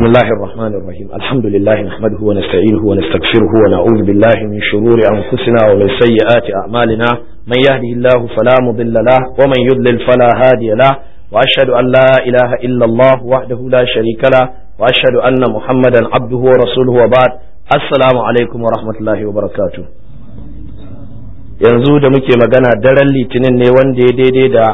بسم الله الرحمن الرحيم الحمد لله نحمده ونستعينه ونستغفره ونعوذ بالله من شرور أنفسنا ومن سيئات أعمالنا من يهده الله فلا مضل له ومن يضلل فلا هادي له وأشهد أن لا إله إلا الله وحده لا شريك له وأشهد أن محمدا عبده ورسوله وبعد السلام عليكم ورحمة الله وبركاته yanzu da muke magana daren litinin ne wanda ya daidai da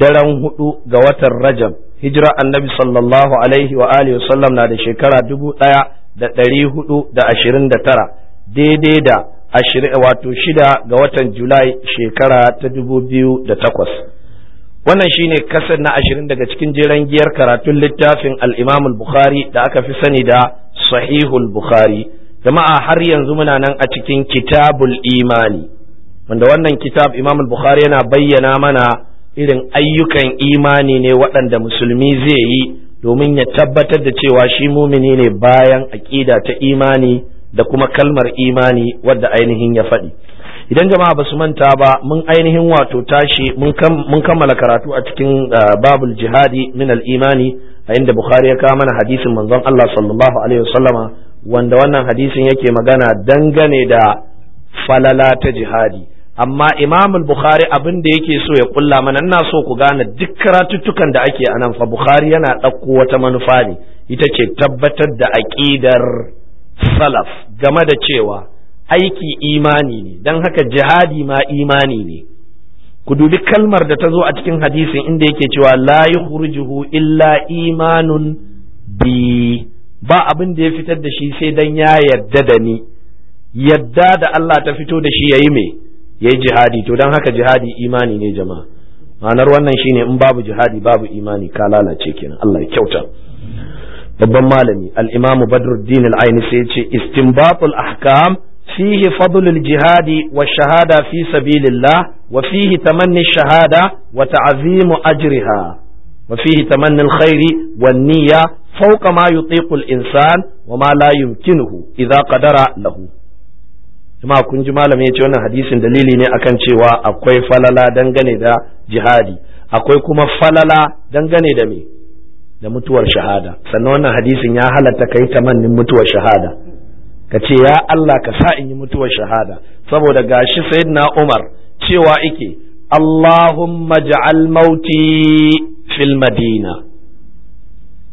daren hudu ga watan rajab hijira annabi sallallahu alaihi wa alihi wasallam na da shekara dubu ɗaya da ɗari hudu da ashirin da tara daidai da wato shida ga watan julai shekara ta dubu biyu da takwas wannan shine kasar na ashirin daga cikin jeren giyar karatun littafin al'imamul bukhari da aka fi sani da sahihul bukhari jama'a har yanzu muna nan a cikin kitabul imani wanda wannan kitab imamul bukhari yana bayyana mana irin ayyukan imani ne waɗanda musulmi zai yi domin ya tabbatar da cewa shi mumini ne bayan aƙida ta imani da kuma kalmar imani wadda ainihin ya faɗi idan jama'a ba su manta ba mun ainihin wato tashi mun kammala karatu a cikin ah, babul jihadi min al-imani a inda bukhari ya kawo mana hadisin manzon Allah sallallahu alaihi wasallama wanda wannan hadisin yake magana dangane da falala ta jihadi amma imam bukhari abin da yake so ya kulla mana ina so ku gane duk karatuttukan da ake anan fa bukhari yana ɗauko wata manufa ne ita ce tabbatar da aqidar salaf game da cewa aiki imani ne don haka jihadi ma imani ne ku dubi kalmar da ta zo a cikin hadisin inda yake cewa la yukhrijuhu illa imanun bi ba abin da ya fitar da shi sai dan ya yarda da ni yadda da Allah ta fito da shi yayi me yi jihadi to dan haka jihadi imani ne jama'a ma'anar wannan shine in babu jihadi babu imani ka lalace kenan Allah ya kyauta babban malami al-imam Badruddin al-Aini sai ya ce istinbatul ahkam fihi fadlul jihadi wa shahada fi sabilillah wa fihi tamanni shahada wa ta'zimu ajriha wa fihi tamanni al-khairi wan niyya fawqa ma yutiqu al-insan wa ma la yumkinuhu idza qadara lahu jama'a kun ji malamin ya ce wannan hadisin dalili ne akan cewa akwai falala dangane da jihadi akwai kuma falala dangane da me da mutuwar shahada sannan wannan hadisin ya halatta kai mannin mutuwar shahada ka ce ya Allah ka sa in yi mutuwar shahada saboda gashi sayyidina Umar cewa ike Allahumma ja'al mauti fil madina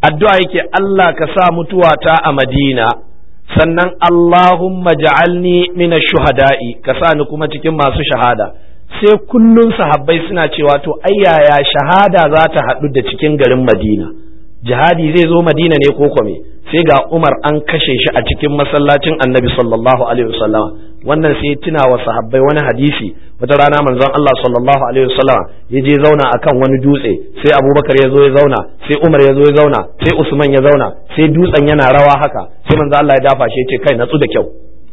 addu'a yake Allah ka sa mutuwata a madina sannan Allahumma ja'alni min shuhada'i ka sa ni kuma cikin masu shahada sai kullun sahabbai suna cewa to ai yaya shahada za ta haɗu da cikin garin Madina jihadi zai zo Madina ne ko kome sai ga Umar an kashe shi a cikin masallacin Annabi sallallahu alaihi wasallama wannan sai tuna wa sahabbai wani hadisi wata rana manzon Allah sallallahu alaihi wasallam ya je zauna akan wani dutse sai Abubakar ya zo ya zauna sai Umar ya zo ya zauna sai Usman ya zauna sai dutsen yana rawa haka sai manzon Allah ya dafa shi ya ce kai natsu da kyau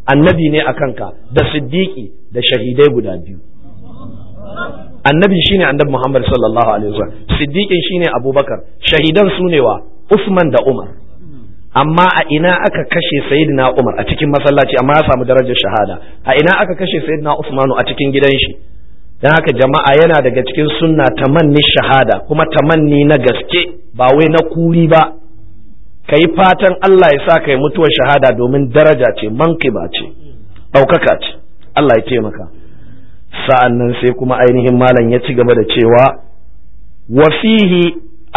annabi ne akan ka da siddiqi da shahidai guda biyu annabi shine annabi Muhammad sallallahu alaihi wasallam siddiqin shine Abubakar shahidan sunewa Usman da Umar amma a ina aka kashe sayyidina Umar a cikin masallaci amma ya samu darajar shahada a ina aka kashe sayyidina Usmanu a cikin gidan shi dan haka jama'a yana daga cikin sunna tamanni shahada kuma tamanni na gaske ba wai na kuri ba kai fatan Allah ya sa kai mutuwar shahada domin daraja ce mankiba ce daukaka ce Allah ya taimaka sa'an sai kuma ainihin malam ya ci gaba da cewa wa fihi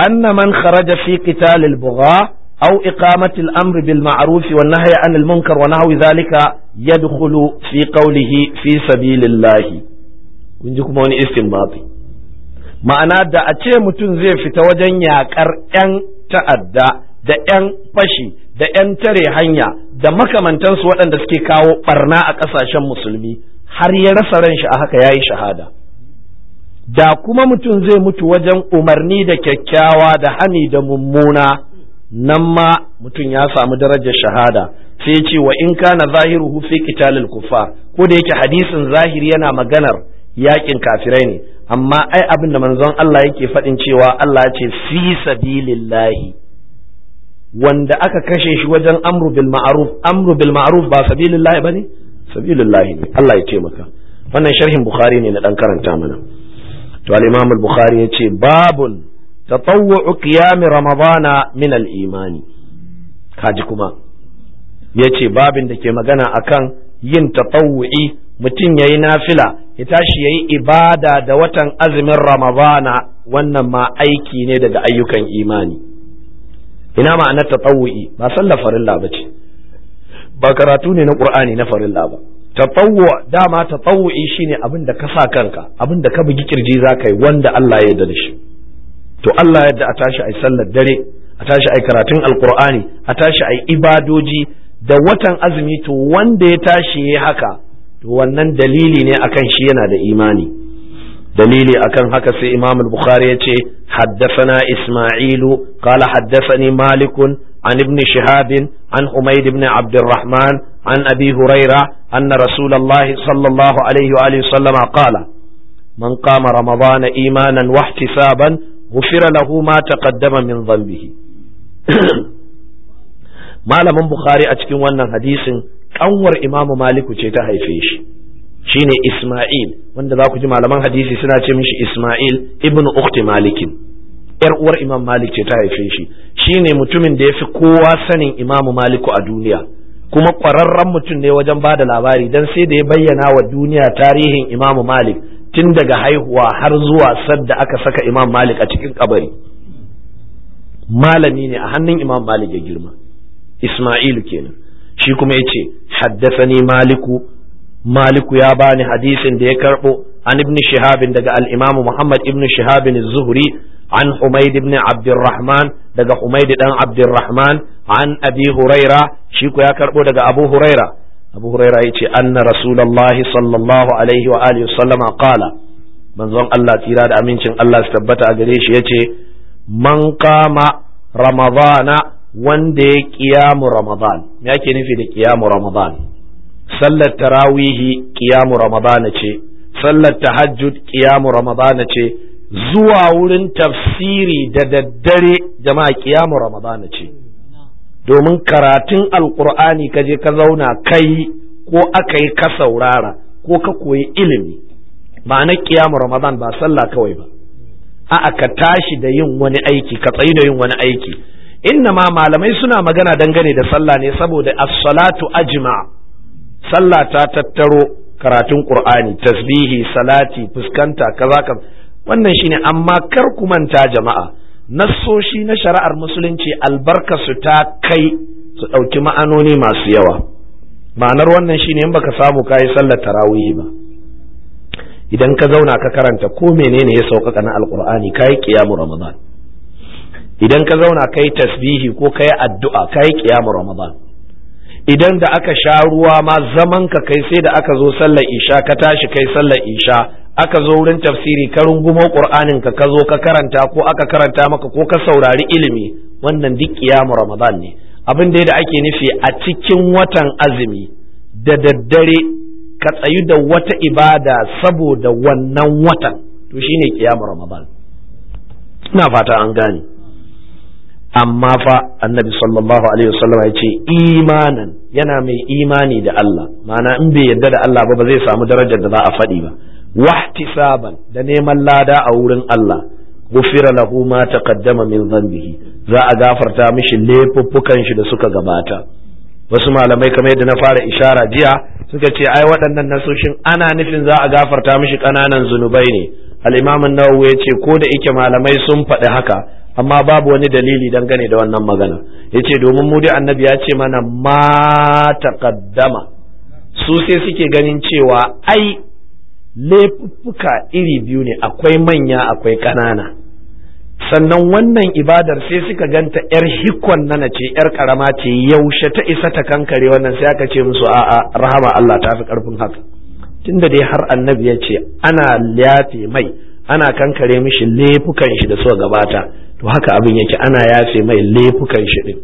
anna man kharaja fi qitalil bugha أو إقامة الأمر بالمعروف والنهي عن المنكر ونحو ذلك يدخل في قوله في سبيل الله kun ji kuma wani istinbati ma'ana da a ce mutum zai fita wajen yaƙar 'yan ta'adda da 'yan fashi da 'yan tare hanya da makamantansu waɗanda suke kawo ɓarna a ƙasashen musulmi har ya rasa ran shi a haka ya yi shahada da kuma mutum zai mutu wajen umarni da kyakkyawa da hani da mummuna nan ma mutum ya samu darajar shahada sai ce wa in kana zahiruhu fi qitalil kuffar ko da yake hadisin zahiri yana maganar yakin kafirai ne amma ai abin da manzon Allah yake faɗin cewa Allah ce fi sabilillahi wanda aka kashe shi wajen amru bil ma'ruf amru bil ma'ruf ba sabilillahi bane sabilillahi ne Allah ya taimaka wannan sharhin bukhari ne na dan karanta mana to al-imam al-bukhari yace babun tatawwu qiyam ramadana min al-imani kaji kuma yace babin da ke magana akan yin tatawwu'i mutum yayi nafila ya tashi yayi ibada da watan azumin ramadana wannan ma aiki ne daga ayyukan imani ina ma'anar tatawwu'i ba sallar farilla bace ba karatu ne na qur'ani na farilla ba tatawwu dama tatawwu'i shine abin da ka sa kanka abin da ka bugi kirji yi wanda Allah ya yarda da shi to Allah yadda a tashi ai sallar dare a tashi ai karatun alkur'ani a tashi ai ibadoji da watan azumi to wanda ya tashi ya haka to wannan dalili ne akan shi yana da imani dalili akan haka sai Imam al-Bukhari ya ce haddasana Isma'ilu qala haddasani Malikun, an ibn Shihab an Humayd ibn Abdurrahman an Abi Huraira anna Rasulullah sallallahu alaihi wa alihi sallama man qama ramadana imanan wa ihtisaban غفر ma ما تقدم min zambihi malamin bukhari a cikin wannan hadisin kanwar imamu maliku ce ta haife shi shine isma'il wanda za ku ji malaman hadisi suna ce mishi isma'il ibn ukhti malikin yar uwar imam malik ce ta haife shi shine mutumin da ya fi kowa sanin imamu maliku a duniya kuma ƙwararren mutum ne wajen ba da labari don sai da ya bayyana wa duniya tarihin imamu malik tun daga haihuwa har zuwa sadda aka saka imam malik a cikin kabari malami ne a hannun imam malik ya girma isma'il kenan shi kuma ya ce haddasani maliku maliku ya bani hadisin da ya karbo an ibn shihabin daga al-imam muhammad ibn shihabin zuhri an humaid ibn abdurrahman daga humaid dan abdurrahman an abi huraira shi ku ya karbo daga abu huraira abu huraira ya ce anna rasulallahi sallallahu alaihi wa alihi sallama qala manzon Allah tsira da amincin Allah su tabbata a gare shi yace man kama ramadana wanda ya kiyamu ramadan me yake nufi da kiyamu ramadan sallar tarawihi kiyamu ramadana ce sallar tahajjud kiyamu ramadana ce zuwa wurin tafsiri da daddare jama'a kiyamu ramadana ce domin karatun alkur'ani ka je ka zauna kai ko aka yi ka saurara ko ka koyi ilimi Ba na kiyamu ramadan ba sallah kawai ba a'a ka tashi da yin wani aiki ka tsayi da yin wani aiki inna ma malamai suna magana dangane da sallah ne saboda as-salatu ajma sallah ta tattaro karatun qur'ani tasbihi salati fuskanta kaza kaza wannan shine amma kar ku manta jama'a nassoshi na shari'ar musulunci albarka su ta kai su ɗauki ma'anoni masu yawa ma'anar wannan shine in baka samu kayi sallar tarawihi ba idan ka zauna ka karanta ko menene ya sauƙaƙa na alƙur'ani ka yi ƙiyamu ramadan idan ka zauna ka yi tasbihi ko ka yi addu'a ka yi ƙiyamu ramadan idan da aka sha ruwa ma zaman ka kai sai da aka zo sallar isha ka tashi kai sallar isha aka zo wurin tafsiri ka rungumo qur'anin ka ka zo ka karanta ko aka karanta maka ko ka saurari ilimi wannan duk kiyamu ramadan ne abin da da ake nufi a cikin watan azumi da daddare ka tsayu da wata ibada saboda wannan watan to shine kiyamu ramadan ina fata an gane amma fa annabi sallallahu alaihi wasallam ya ce imanan yana mai imani da Allah ma'ana in bai yarda da Allah ba ba zai samu darajar da za a faɗi ba wahtisaban da neman lada a wurin Allah gufira lahu ma taqaddama min dhanbihi za a gafarta mishi laifuffukan shi da suka gabata wasu malamai kamar yadda na fara ishara jiya suka ce ai waɗannan nasoshin ana nufin za a gafarta mishi ƙananan zunubai ne al-imam an-nawawi ya ce ko da ike malamai sun faɗi haka amma babu wani dalili gane da wannan magana yace domin mu dai annabi ya ce mana ma taqaddama su sai suke ganin cewa ai laifuffuka iri biyu ne akwai manya akwai ƙanana sannan wannan ibadar sai suka ganta yar hikon nana ce yar karama ce yaushe ta isa ta kankare wannan sai aka ce musu a'a rahama Allah ta fi karfin haka tunda dai har annabi ya ce ana yafe mai ana kankare mishi laifukan shi da suka gabata to haka abin yake ana yafe mai laifukan shi din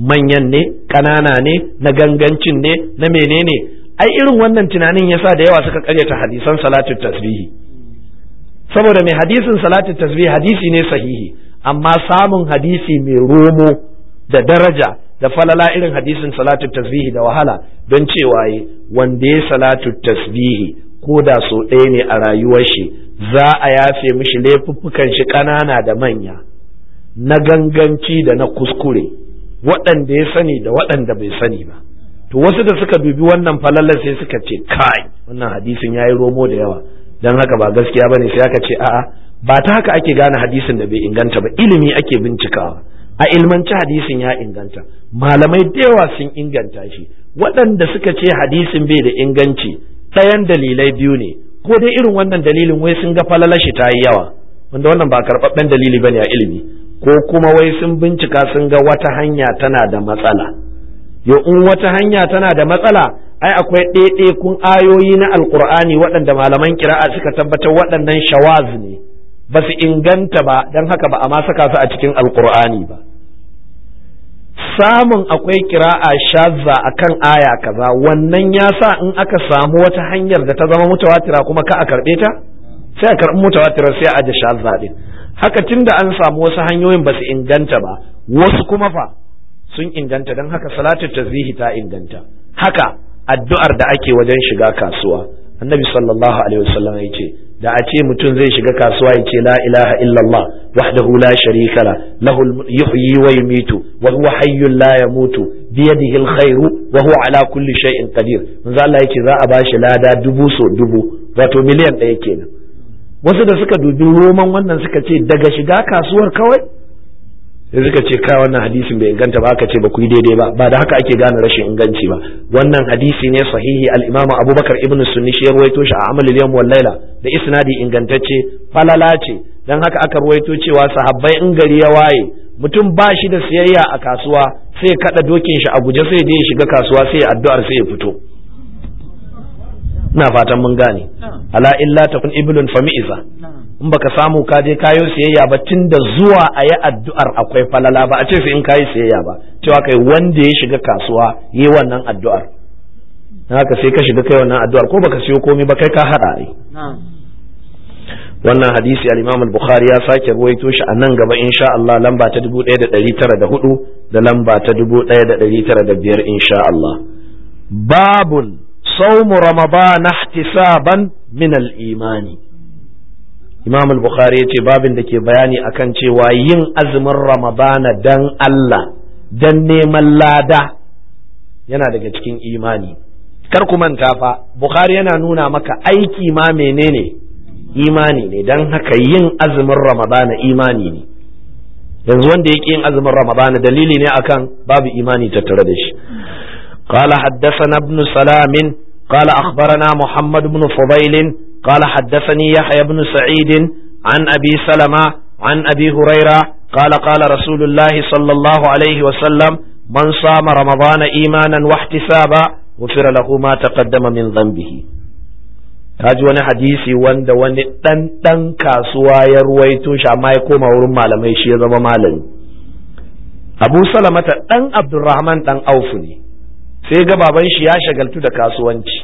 manyan ne ƙanana ne na gangancin ne na menene ai irin wannan tunanin yasa da yawa suka karyata hadisan salatul tasbihi saboda mai hadisin salatul tasbihi hadisi ne sahihi amma samun hadisi mai romo da daraja da falala irin hadisin salatu tasbihi da wahala don cewa yi wanda ya salatu tasbihi ko da so ɗaya ne a rayuwar shi za a yafe mishi laifuffukan shi ƙanana da manya na ganganci da na kuskure waɗanda ya sani da waɗanda bai sani ba to wasu da suka dubi wannan falalar sai suka ce kai wannan hadisin ya yi romo da yawa Don haka ba gaskiya ba ne sai aka ce a'a ba ta haka ake gane hadisin da bai inganta ba ilimi ake bincikawa a ilmanci hadisin ya inganta malamai da yawa sun inganta shi waɗanda suka ce hadisin bai da inganci ɗayan dalilai biyu ne ko dai irin wannan dalilin wai sun ga falalar shi ta yi yawa wanda wannan ba karɓaɓɓen dalili ne a ilimi ko kuma wai sun bincika sun ga wata hanya tana da matsala yo in wata hanya tana da matsala ai akwai ɗaiɗaikun ayoyi na alkur'ani waɗanda malaman kira'a suka tabbatar waɗannan shawaz ne ba su inganta ba don haka ba a ma saka su a cikin alkur'ani ba samun akwai kira'a shazza akan aya kaza wannan ya sa in aka samu wata hanyar da ta zama mutawatira kuma ka a karɓe ta sai a karɓi mutawatira sai a aje shazza din haka tunda an samu wasu hanyoyin ba su inganta ba wasu kuma fa sun inganta don haka salatu tasbihi ta inganta haka addu'ar da ake wajen shiga kasuwa annabi sallallahu alaihi wasallam ya ce da a ce mutum zai shiga kasuwa ya ce la ilaha illallah wahdahu la sharika la lahul yuhyi wa yumitu wa huwa hayyun la yamutu bi yadihi alkhairu wa huwa ala kulli shay'in qadir manzo Allah yake za a bashi lada dubu so dubu wato miliyan ɗaya kenan wasu da suka dubi roman wannan suka ce daga shiga kasuwar kawai sai suka ce ka wannan hadisin bai inganta ba aka ce ba ku yi daidai ba ba da haka ake gane rashin inganci ba wannan hadisi ne sahihi al-Imam Abubakar ibn Sunni shi ruwaito shi a Amal al-Yawm wal Laila da isnadi ingantacce falala ce dan haka aka ruwaito cewa sahabbai in gari ya waye mutum ba shi da siyayya a kasuwa sai kada dokin shi a guje sai je ya shiga kasuwa sai ya addu'ar sai ya fito ina fatan mun gane ala illa takun iblun fami'iza in baka samu ka je kayo siyayya ba tunda zuwa a yi addu'ar akwai falala ba a ce sai in kayi siyayya ba cewa kai wanda ya shiga kasuwa yi wannan addu'ar haka sai ka shiga kai wannan addu'ar ko baka siyo komai ba kai ka hada ai wannan hadisi al-Imam al-Bukhari ya sake ruwaito shi a nan gaba insha Allah lamba ta 1904 da lamba ta 1905 insha Allah babun صوم ramadana احتسابا من al-imani البخاري يتي ya ce babin da ke bayani akan cewa yin azumin Ramadana dan Allah dan neman lada yana daga cikin imani kar ku manta fa Bukhari yana nuna maka aiki ma menene imani ne dan haka yin azumin Ramadana imani ne yanzu wanda yake yin azumin Ramadana dalili ne akan babu imani tattare da shi قال حدثنا ابن سلام قال أخبرنا محمد بن فضيل قال حدثني يحيى بن سعيد عن أبي سلمة عن أبي هريرة قال قال رسول الله صلى الله عليه وسلم من صام رمضان إيمانا واحتسابا غفر له ما تقدم من ذنبه kaji wani hadisi wanda wani ɗan ɗan kasuwa ya ruwaito shi amma ya koma wurin malamai shi ya zama malami abu salamata ɗan abdurrahman ɗan aufu ne sai ga baban shi ya shagaltu da kasuwanci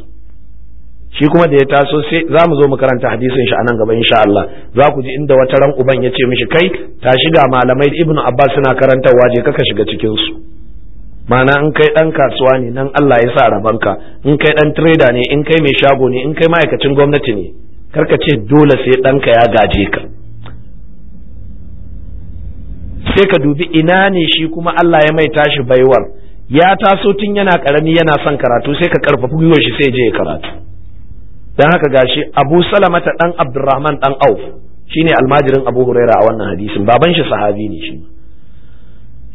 shi kuma da ya taso sai za mu zo mu karanta hadisin shi a nan gaba insha Allah za ku ji inda wata ran uban ya ce mishi kai ta shiga malamai ibnu abbas suna karantarwa je kaka shiga cikin su mana in kai dan kasuwa ne nan Allah ya sa rabanka in kai dan trader ne in kai mai shago ne in kai ma'aikacin gwamnati ne karka ce dole sai ɗanka ya gaje ka sai ka dubi ina ne shi kuma Allah ya mai tashi baiwar ya taso tun yana karami yana son karatu sai ka karfafi gwiwar shi sai je ya karatu dan haka gashi Abu ta dan Abdurrahman dan Auf shine almajirin Abu Huraira a wannan hadisin baban shi sahabi ne shi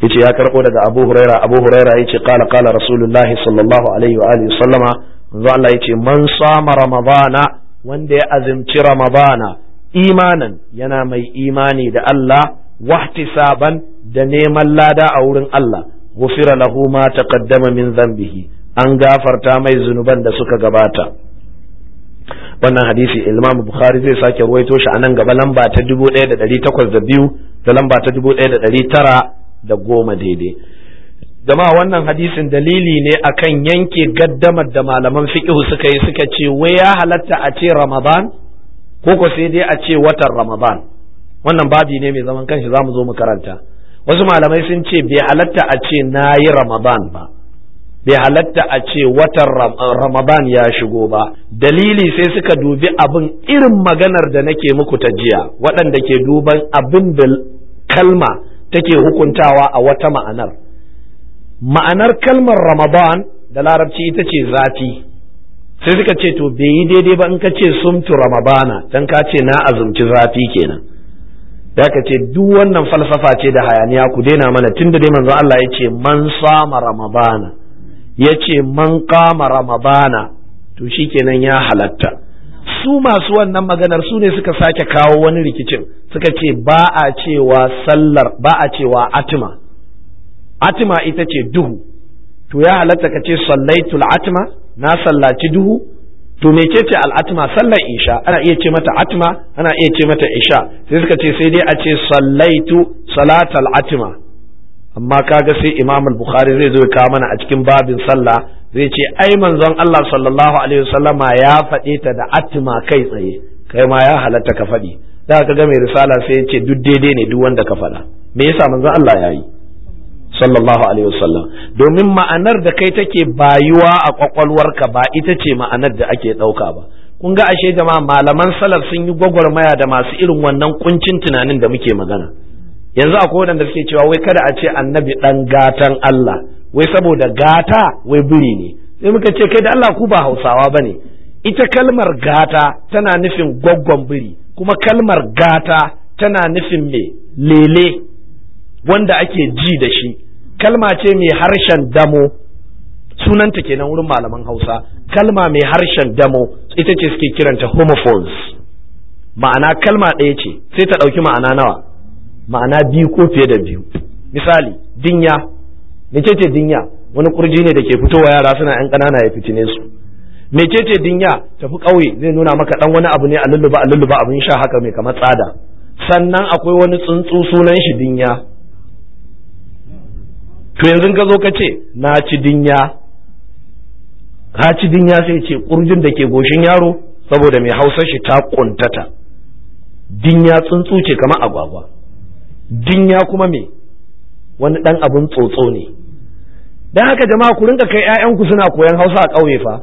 yace ya karbo daga Abu Huraira Abu Huraira yace qala qala Rasulullah sallallahu alaihi wa alihi sallama manzo Allah yace man sama ramadana wanda ya azumci ramadana imanan yana mai imani da Allah wahtisaban da neman lada a wurin Allah غفر له ما تقدم min ذنبه an gafarta mai zunuban da suka gabata wannan hadisi Imam Bukhari zai sake ruwaito shi a nan gaba lamba ta 1802 da lamba ta 1910 daidai jama'a wannan hadisin dalili ne akan yanke gaddamar da malaman fiqh suka yi suka ce wai ya halatta a ce Ramadan ko ko sai dai a ce watan Ramadan wannan babi ne mai zaman kanshi zamu zo mu karanta wasu malamai sun ce bai halatta a ce na yi ramadan ba bai halatta a ce watan eh, ramadan ya shigo ba dalili sai suka dubi abin irin maganar da nake muku ta jiya waɗanda ke duban abin da kalma take hukuntawa a wata ma'anar ma'anar kalmar ramadan da larabci ita ce zafi sai suka ce to bai yi daidai ba in ka ce sumtu ramadana don ka ce na azumci zafi kenan da ka ce duk wannan falsafa ce da hayaniya ku daina mana tun da dai manzo Allah ya ce man sama ramadana ya ce man kama ramadana to shi kenan ya halatta su masu wannan maganar su ne suka sake kawo wani rikicin suka ce ba a cewa sallar ba a cewa atima atima ita ce duhu to ya halatta ka ce sallaitul atima na sallaci duhu to mecece al'atma sallar isha ana iya ce mata atma ana iya ce mata isha sai suka ce sai dai a ce sallaitu salatal al'atma. amma kaga sai imam al-bukhari zai zo ya kawo mana a cikin babin sallah zai ce ai manzon Allah sallallahu alaihi wasallama ya faɗe ta da atma kai tsaye kai ma ya halatta ka faɗi da ka ga mai risala sai ya ce duk daidai ne duk wanda ka faɗa me yasa manzon Allah ya yi sallallahu alaihi wasallam domin ma'anar da kai take bayuwa a kwakwalwarka ba ita ce ma'anar da ake ɗauka ba kun ga ashe jama'a malaman salaf sun yi gwagwarmaya da masu irin wannan kuncin tunanin da muke magana yanzu akwai waɗanda suke cewa wai kada a ce annabi ɗan gatan Allah wai saboda gata wai biri ne sai muka ce kai da Allah ku ba Hausawa bane ita kalmar gata tana nufin gwaggon biri kuma kalmar gata tana nufin me lele wanda ake ji da shi kalma ce mai harshen damo sunanta kenan wurin malaman hausa kalma mai harshen damo ita ce suke kiranta homophones ma'ana kalma ɗaya ce sai ta ɗauki ma'ana nawa ma'ana biyu ko fiye da biyu misali dinya mecece dinya wani ƙurji ne da ke fitowa yara suna yan ƙanana ya fitine su mecece dinya tafi ƙauye zai nuna maka ɗan wani abu ne a lulluba a lulluba abin sha haka mai kamar tsada sannan akwai wani tsuntsu sunan shi dinya to yanzu ka zo ka ce na ci dinya ka ci dinya sai ce kurjin da ke goshin yaro saboda mai Hausa shi ta kuntata dinya tsuntsu ce kamar agwagwa dinya kuma me wani dan abun tsotso ne dan haka jama'a ku rinka kai ƴaƴanku suna koyan Hausa a ƙauye fa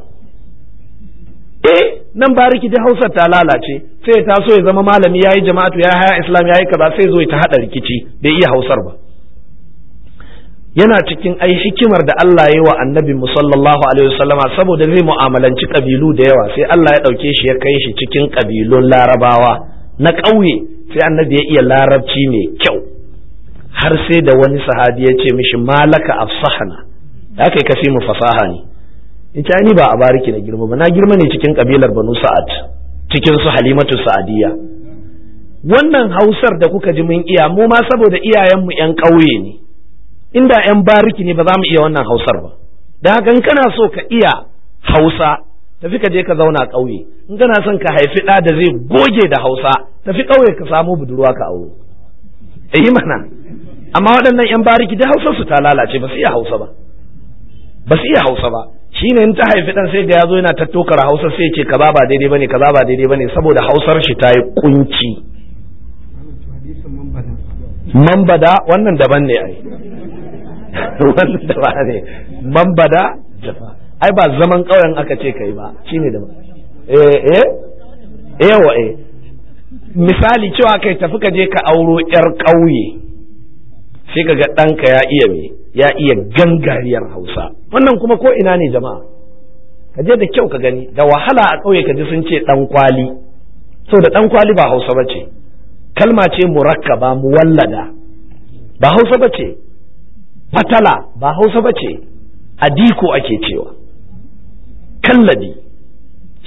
eh nan ba rikici Hausa ta lalace sai ta so ya zama malami yayi jama'atu ya haya islam yayi kaza sai zo ya ta haɗa rikici bai iya Hausar ba yana cikin ai hikimar da Allah ya yi wa annabi musallallahu alaihi wasallama saboda zai mu'amalanci kabilu da yawa sai Allah ya ɗauke shi ya kai shi cikin kabilun larabawa na ƙauye sai annabi ya iya larabci mai kyau har sai da wani sahabi ya ce mishi malaka afsahana da kai kasi mu fasaha ne in ta ni ba a bariki na girma ba na girma ne cikin kabilar banu sa'ad cikin su halimatu sa'adiyya wannan hausar da kuka ji mun iya mu ma saboda iyayenmu yan ƙauye ne inda yan bariki ne ba za mu iya wannan hausar ba da haka kana so ka iya hausa tafi ka je ka zauna ƙauye in kana son ka haifi ɗa da zai goge da hausa tafi ƙauye ka samo budurwa ka auro yi eh mana amma waɗannan yan bariki da hausar su ta lalace ba su iya hausa ba ba su iya hausa ba Shi ne in ta haifi ɗan sai ga zo yana tattokar hausa sai ce kaza ba daidai bane kaza ba daidai bane saboda hausar shi ta yi kunci mambada wannan daban ne ai wannan da ba ne man bada jafa ai ba zaman ƙauyen aka ce kai ba shine da eh eh eh eh misali cewa kai tafi ka je ka auro yar ƙauye sai ka ga ɗanka ya iya me ya iya gangariyar hausa wannan kuma ko ina ne jama'a ka je da kyau ka gani da wahala a ƙauye ka ji sun ce ɗan kwali so da ɗan kwali ba hausa ba ce kalma ce mu muwallada ba hausa ba ce fatala ba hausa ba ce adiko ake cewa kallabi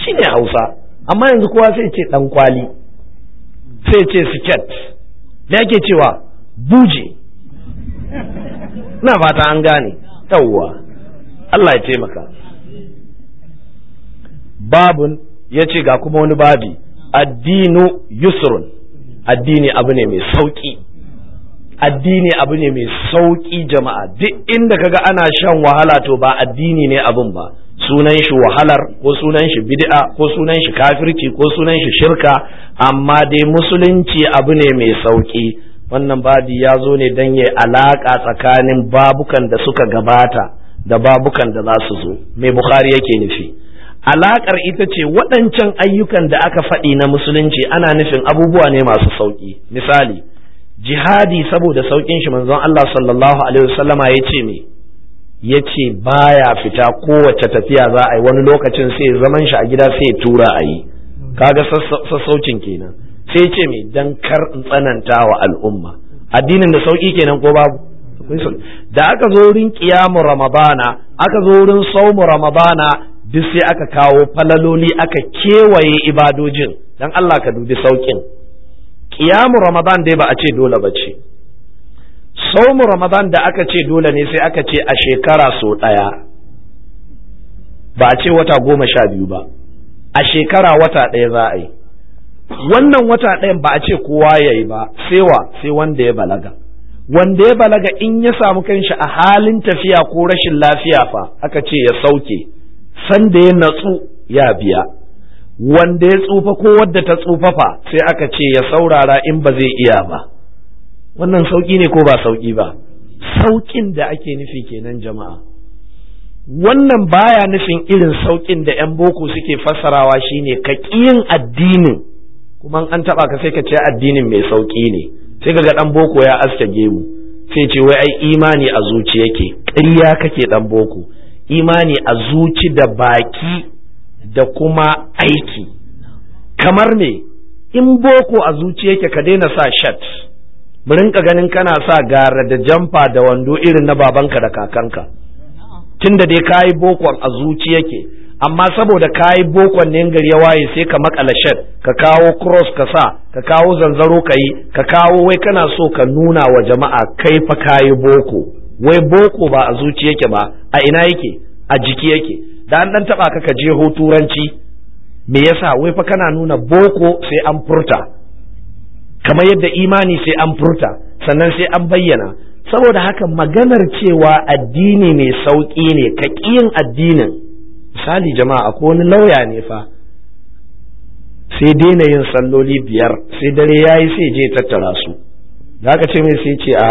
shi ne hausa amma yanzu kowa sai ce ɗan kwali sai ce siket me ake cewa buji na fata an gane tawwa Allah ya taimaka babun ya ce ga kuma wani babi addinu yusrun addini abu ne mai sauƙi addini abu ne mai sauƙi jama'a duk inda kaga ana shan wahala to ba addini ne abin ba sunan shi wahalar ko sunan shi bid'a ko sunan shi kafirci ko sunan shi shirka amma dai musulunci abu ne mai sauƙi wannan babi ya zo ne don ya alaƙa tsakanin babukan da suka gabata da babukan da za su zo mai bukhari yake nufi alaƙar ita ce waɗancan ayyukan da aka faɗi na musulunci ana nufin abubuwa ne masu sauƙi misali jihadi saboda saukin shi manzon Allah sallallahu alaihi wasallama ya ce me ya ce baya fita kowace tafiya za a yi wani lokacin sai zaman shi a gida sai tura a yi kaga sassaucin kenan sai ce me dan kar in tsananta wa al'umma addinin da sauki kenan ko babu da aka zo wurin qiyamu ramadana aka zo wurin sawmu ramadana duk sai aka kawo falaloli aka kewaye ibadojin dan Allah ka dubi saukin ƙiyamu ramadan dai ba a ce dole ba ce saumu ramadan da aka ce dole ne sai aka ce a shekara so ɗaya ba a ce wata goma sha biyu ba a shekara wata ɗaya za a yi wannan wata ɗayan ba a ce kowa ya yi ba wa sai wanda ya balaga wanda ya balaga in ya samu kanshi a halin tafiya ko rashin lafiya fa aka ce ya sauke sanda ya natsu ya biya wanda ya tsufa ko wadda ta tsufafa sai aka ce ya saurara in ba zai iya ba wannan sauƙi ne ko ba sauƙi ba sauƙin da ake nufi kenan jama'a wannan baya nufin irin sauƙin da 'yan boko suke fassarawa shine ka ƙiyin addinin kuma an taɓa ka sai ka ce addinin mai sauƙi ne sai ka ga ɗan boko ya aske gemu sai ce wai ai imani a zuci yake ƙarya kake ɗan boko imani a zuci da baki da kuma aiki kamar me in boko a zuciya yake ka daina sa shat mu rinka ganin kana sa gara da jamfa da wando irin na babanka da kakanka tunda dai kayi bokon a zuciya yake amma saboda kayi bokon ne gari ya waye sai ka makala shat ka kawo cross ka sa ka kawo zanzaro ka yi ka kawo wai kana so ka nuna wa jama'a kai fa kayi boko wai boko ba a zuciya yake ba a ina yake a jiki yake da an dan taba ka ka ho turanci me yasa wai fa kana nuna boko sai an furta kamar yadda imani sai an furta sannan sai an bayyana saboda haka maganar cewa addini mai sauƙi ne ka ƙiyin addinin misali jama'a ko wani lauya ne fa sai daina yin salloli biyar sai dare ya yi sai je tattara su da aka ce mai sai ce a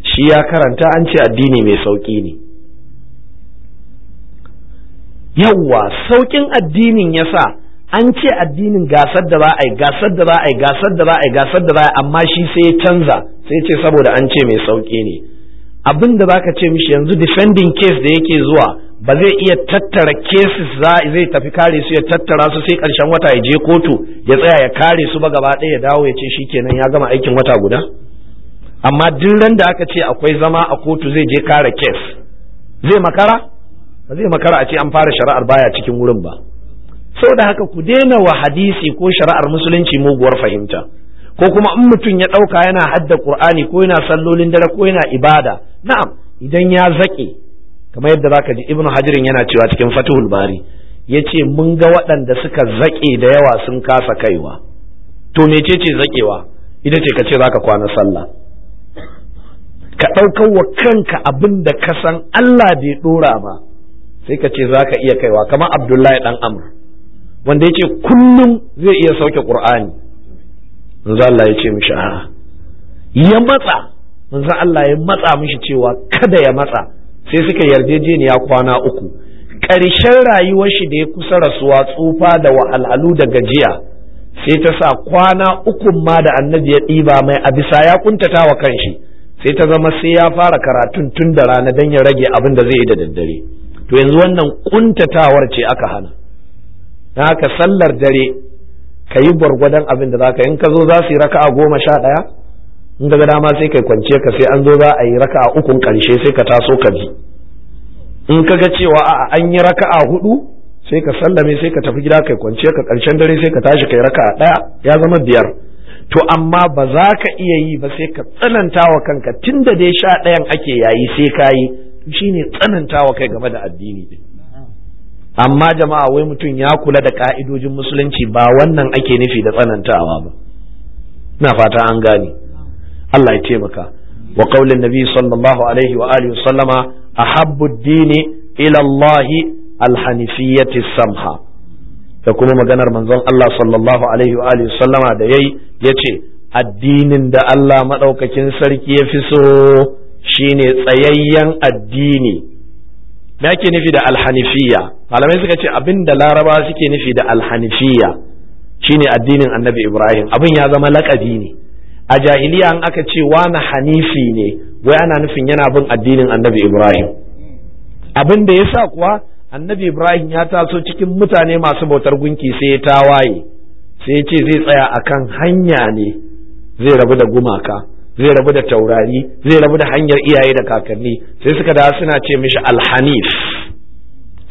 shi ya karanta an ce addini mai sauƙi ne yawwa saukin addinin yasa an ce addinin gasar da za a yi gasar da za a yi gasar da za a yi gasar da za a yi amma shi sai ya canza sai ce saboda an ce mai sauki ne abin da baka ce mishi yanzu defending case da yake zuwa ba zai iya tattara cases zai tafi kare su ya tattara su sai karshen wata ya je kotu ya tsaya ya kare su ba gaba ɗaya ya dawo ya ce shi shikenan ya gama aikin wata guda amma duk ran da aka ce akwai zama a kotu zai je kare case zai makara ba zai makara a ce an fara shari'ar baya cikin wurin ba Sau da haka ku daina wa hadisi ko shari'ar musulunci muguwar fahimta ko kuma in mutum ya ɗauka yana hadda qur'ani ko yana sallolin dare ko yana ibada na'am idan ya zaƙe kamar yadda zaka ji ibnu hajirin yana cewa cikin fatihul bari yace mun ga waɗanda suka zaƙe da yawa sun kasa kaiwa to mecece zaƙewa ita ce ka ce zaka kwana sallah ka ɗaukar wa kanka abin da ka san Allah bai ɗora ba sai ka ce za ka iya kaiwa kamar abdullahi dan amr wanda ya ce kullum zai iya sauke ƙur'ani manzo Allah ya ce mishi a ya matsa manzo Allah ya matsa mishi cewa kada ya matsa sai suka yarjejeniya kwana uku ƙarshen rayuwar shi da ya kusa rasuwa tsufa da wahalhalu da gajiya sai ta sa kwana uku ma da annabi ya ɗiba mai a bisa ya kuntata wa kanshi sai ta zama sai ya fara karatun tun da rana don ya rage abin da zai yi da daddare to yanzu wannan kuntatawar ce aka hana na ka sallar dare ka yi gwargwadon abin da za ka in ka zo za su yi raka'a goma sha ɗaya in ga dama sai kai kwance ka sai an zo za a yi raka'a ukun karshe sai ka taso ka bi in ka ga cewa a an yi raka'a hudu sai ka sallame sai ka tafi gida kai kwance ka karshen dare sai ka tashi ka kai raka'a ɗaya ya zama biyar to amma ba za ka iya yi ba sai ka tsananta wa kanka tun da dai sha ɗayan ake yayi sai ka yi shine tsanantawa kai game da addini din amma jama'a wai mutum ya kula da ka'idojin musulunci ba wannan ake nufi da tsanantawa ba na fata an gane Allah ya taimaka wa qaulin nabi sallallahu alaihi wa alihi sallama ahabbu dini ila Allah samha da kuma maganar manzon Allah sallallahu alaihi wa alihi sallama da yayi yace addinin da Allah madaukakin sarki ya fi so shine tsayayyen addini me ake nufi da alhanifiya malamai suka ce abin da laraba suke nufi da alhanifiya shine addinin annabi ibrahim abin ya zama lakabi ne a jahiliya an aka ce wani hanifi ne wai ana nufin yana bin addinin annabi ibrahim abin da ya sa kuwa annabi ibrahim ya taso cikin mutane masu bautar gunki sai ya tawaye sai ya ce zai tsaya akan hanya ne zai rabu da gumaka zai rabu da taurari zai rabu da hanyar iyaye da kakanni sai suka da suna ce mishi alhanif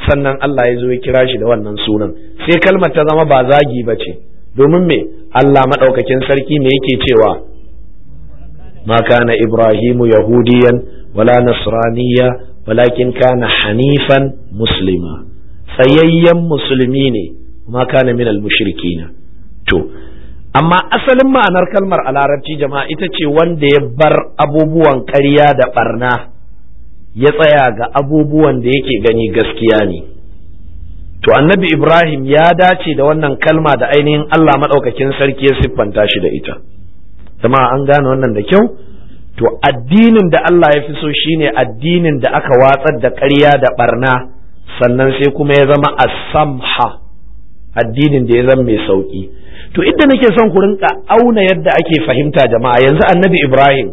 sannan Allah ya zo ya kira shi da wannan sunan sai kalmar ta zama ba zagi ba ce domin me Allah maɗaukakin sarki me yake cewa ma kana ibrahimu yahudiyan wala nasraniya walakin kana hanifan muslima tsayayyen musulmi ne ma kana minal mushrikina to amma asalin ma'anar kalmar a larabci jama'a ita ce wanda ya bar abubuwan ƙarya da barna ya tsaya ga abubuwan da yake gani gaskiya ne to annabi ibrahim ya dace da wannan kalma da ainihin allah maɗaukakin sarki ya siffanta shi da ita zama an gane wannan da kyau to addinin da Allah ya fi so shine addinin da aka watsar da ƙarya da barna sannan sai kuma ya zama asamha addinin da ya zama mai sauƙi to inda nake son ku rinka auna yadda ake fahimta jama'a yanzu annabi ibrahim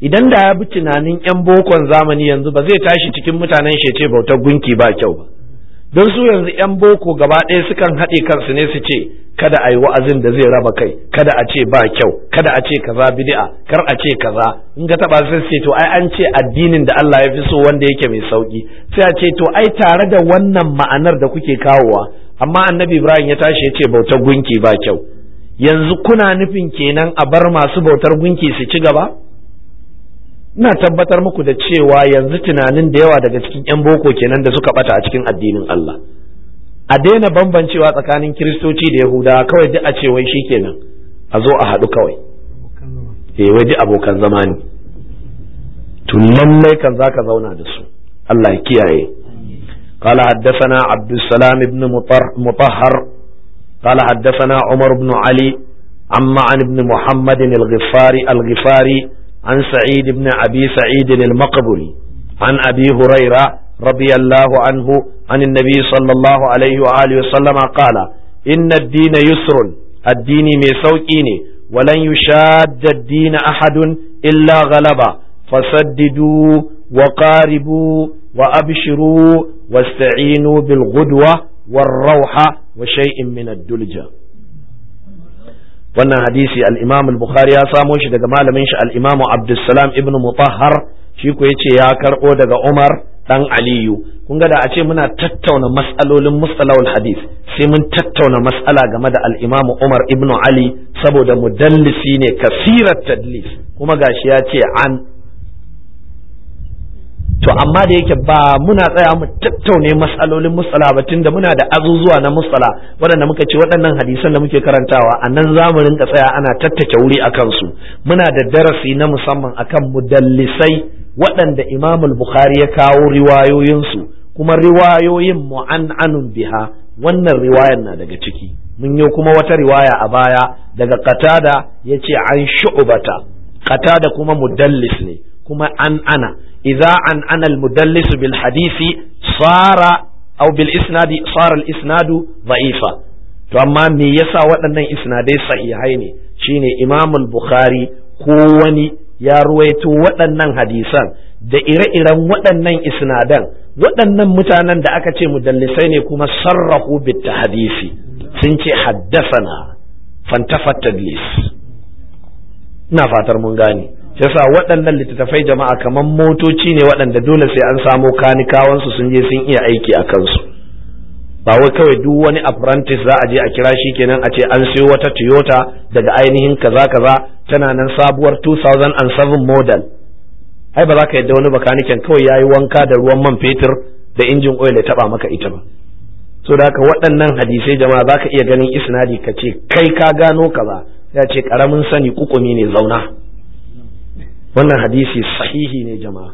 idan da ya bi tunanin yan bokon zamani yanzu ba zai tashi cikin mutanen shi ce bautar gunki ba kyau ba don su yanzu yan boko gaba ɗaya sukan haɗe kansu ne su ce kada a yi wa'azin da zai raba kai kada a ce ba kyau kada a ce kaza bid'a kar a ce kaza in ga taba sai ce to ai an ce addinin da Allah ya fi so wanda yake mai sauki sai a ce to ai tare da wannan ma'anar da kuke kawowa amma annabi ibrahim ya tashi ya ce bautar gunki ba kyau yanzu kuna nufin kenan a bar masu bautar gunki su ci gaba ina tabbatar muku da cewa yanzu tunanin da yawa daga cikin 'yan boko kenan da suka bata a cikin addinin Allah a daina bambancewa tsakanin kiristoci da yahudawa kawai duk a ce wai kenan a zo a haɗu kawai eh, wai abokan zama ne to lallai kan ka zauna da su Allah ya kiyaye قال حدثنا عبد السلام بن مطهر قال حدثنا عمر بن علي عم عن بن محمد الغفاري الغفاري عن سعيد بن أبي سعيد المقبول عن أبي هريرة رضي الله عنه عن النبي صلى الله عليه وآله وسلم قال إن الدين يسر الدين ميسوكيني ولن يشاد الدين أحد إلا غلبا فسددوا وقاربوا وأبشروا wasta'inu bil gudwa war rauha wa shay'in min wannan hadisi al al-Bukhari ya samo shi daga malamin shi al abdulsalam Abdussalam ibn Mutahhar shi ko yace ya karɓo daga Umar ɗan Aliyu kun ga da a ce muna tattauna matsalolin mustalahul hadis sai mun tattauna matsala game da al Umar ibn Ali saboda mudallisi ne kasirar tadlis kuma gashi ya ce an to amma da yake ba muna tsaya mu tattaune matsalolin mustala ba tunda muna da azuzuwa na musala waɗanda muka ce waɗannan hadisan da muke karantawa a nan za mu rinka tsaya ana tattake wuri a kansu muna da darasi na musamman akan mudallisai waɗanda imamul bukhari ya kawo riwayoyinsu kuma riwayoyin mu'an'anun biha wannan riwayan na daga ciki mun yi kuma wata riwaya a baya daga qatada yace an shu'ubata, katada kuma mudallis ne kuma an ana idza an ana al bil hadisi sara aw bil isnadi sara al-isnadu dha'ifa to amma me yasa waɗannan isnadai sahihai ne shine Imam al-Bukhari ko wani ya ruwaito waɗannan hadisan da ire-iren waɗannan isnadan waɗannan mutanen da aka ce mudallisai ne kuma sarrahu bit hadisi sun ce haddasana fantafat tadlis ina fatar mun gane yasa waɗannan littattafai jama'a kamar motoci ne waɗanda dole sai an samo kanikawansu sun je sun iya aiki a kansu ba wai kawai duk wani apprentice za a je a kira shi kenan a ce an sayo wata Toyota daga ainihin kaza kaza tana nan sabuwar 2007 model ai ba za ka yadda wani bakaniken kawai ya yi wanka da ruwan man fetur da injin oil ya taba maka ita ba so da haka waɗannan hadisai jama'a za ka iya ganin isnadi ka ce kai ka gano kaza ya ce karamin sani kukumi ne zauna wannan hadisi sahihi ne jama'a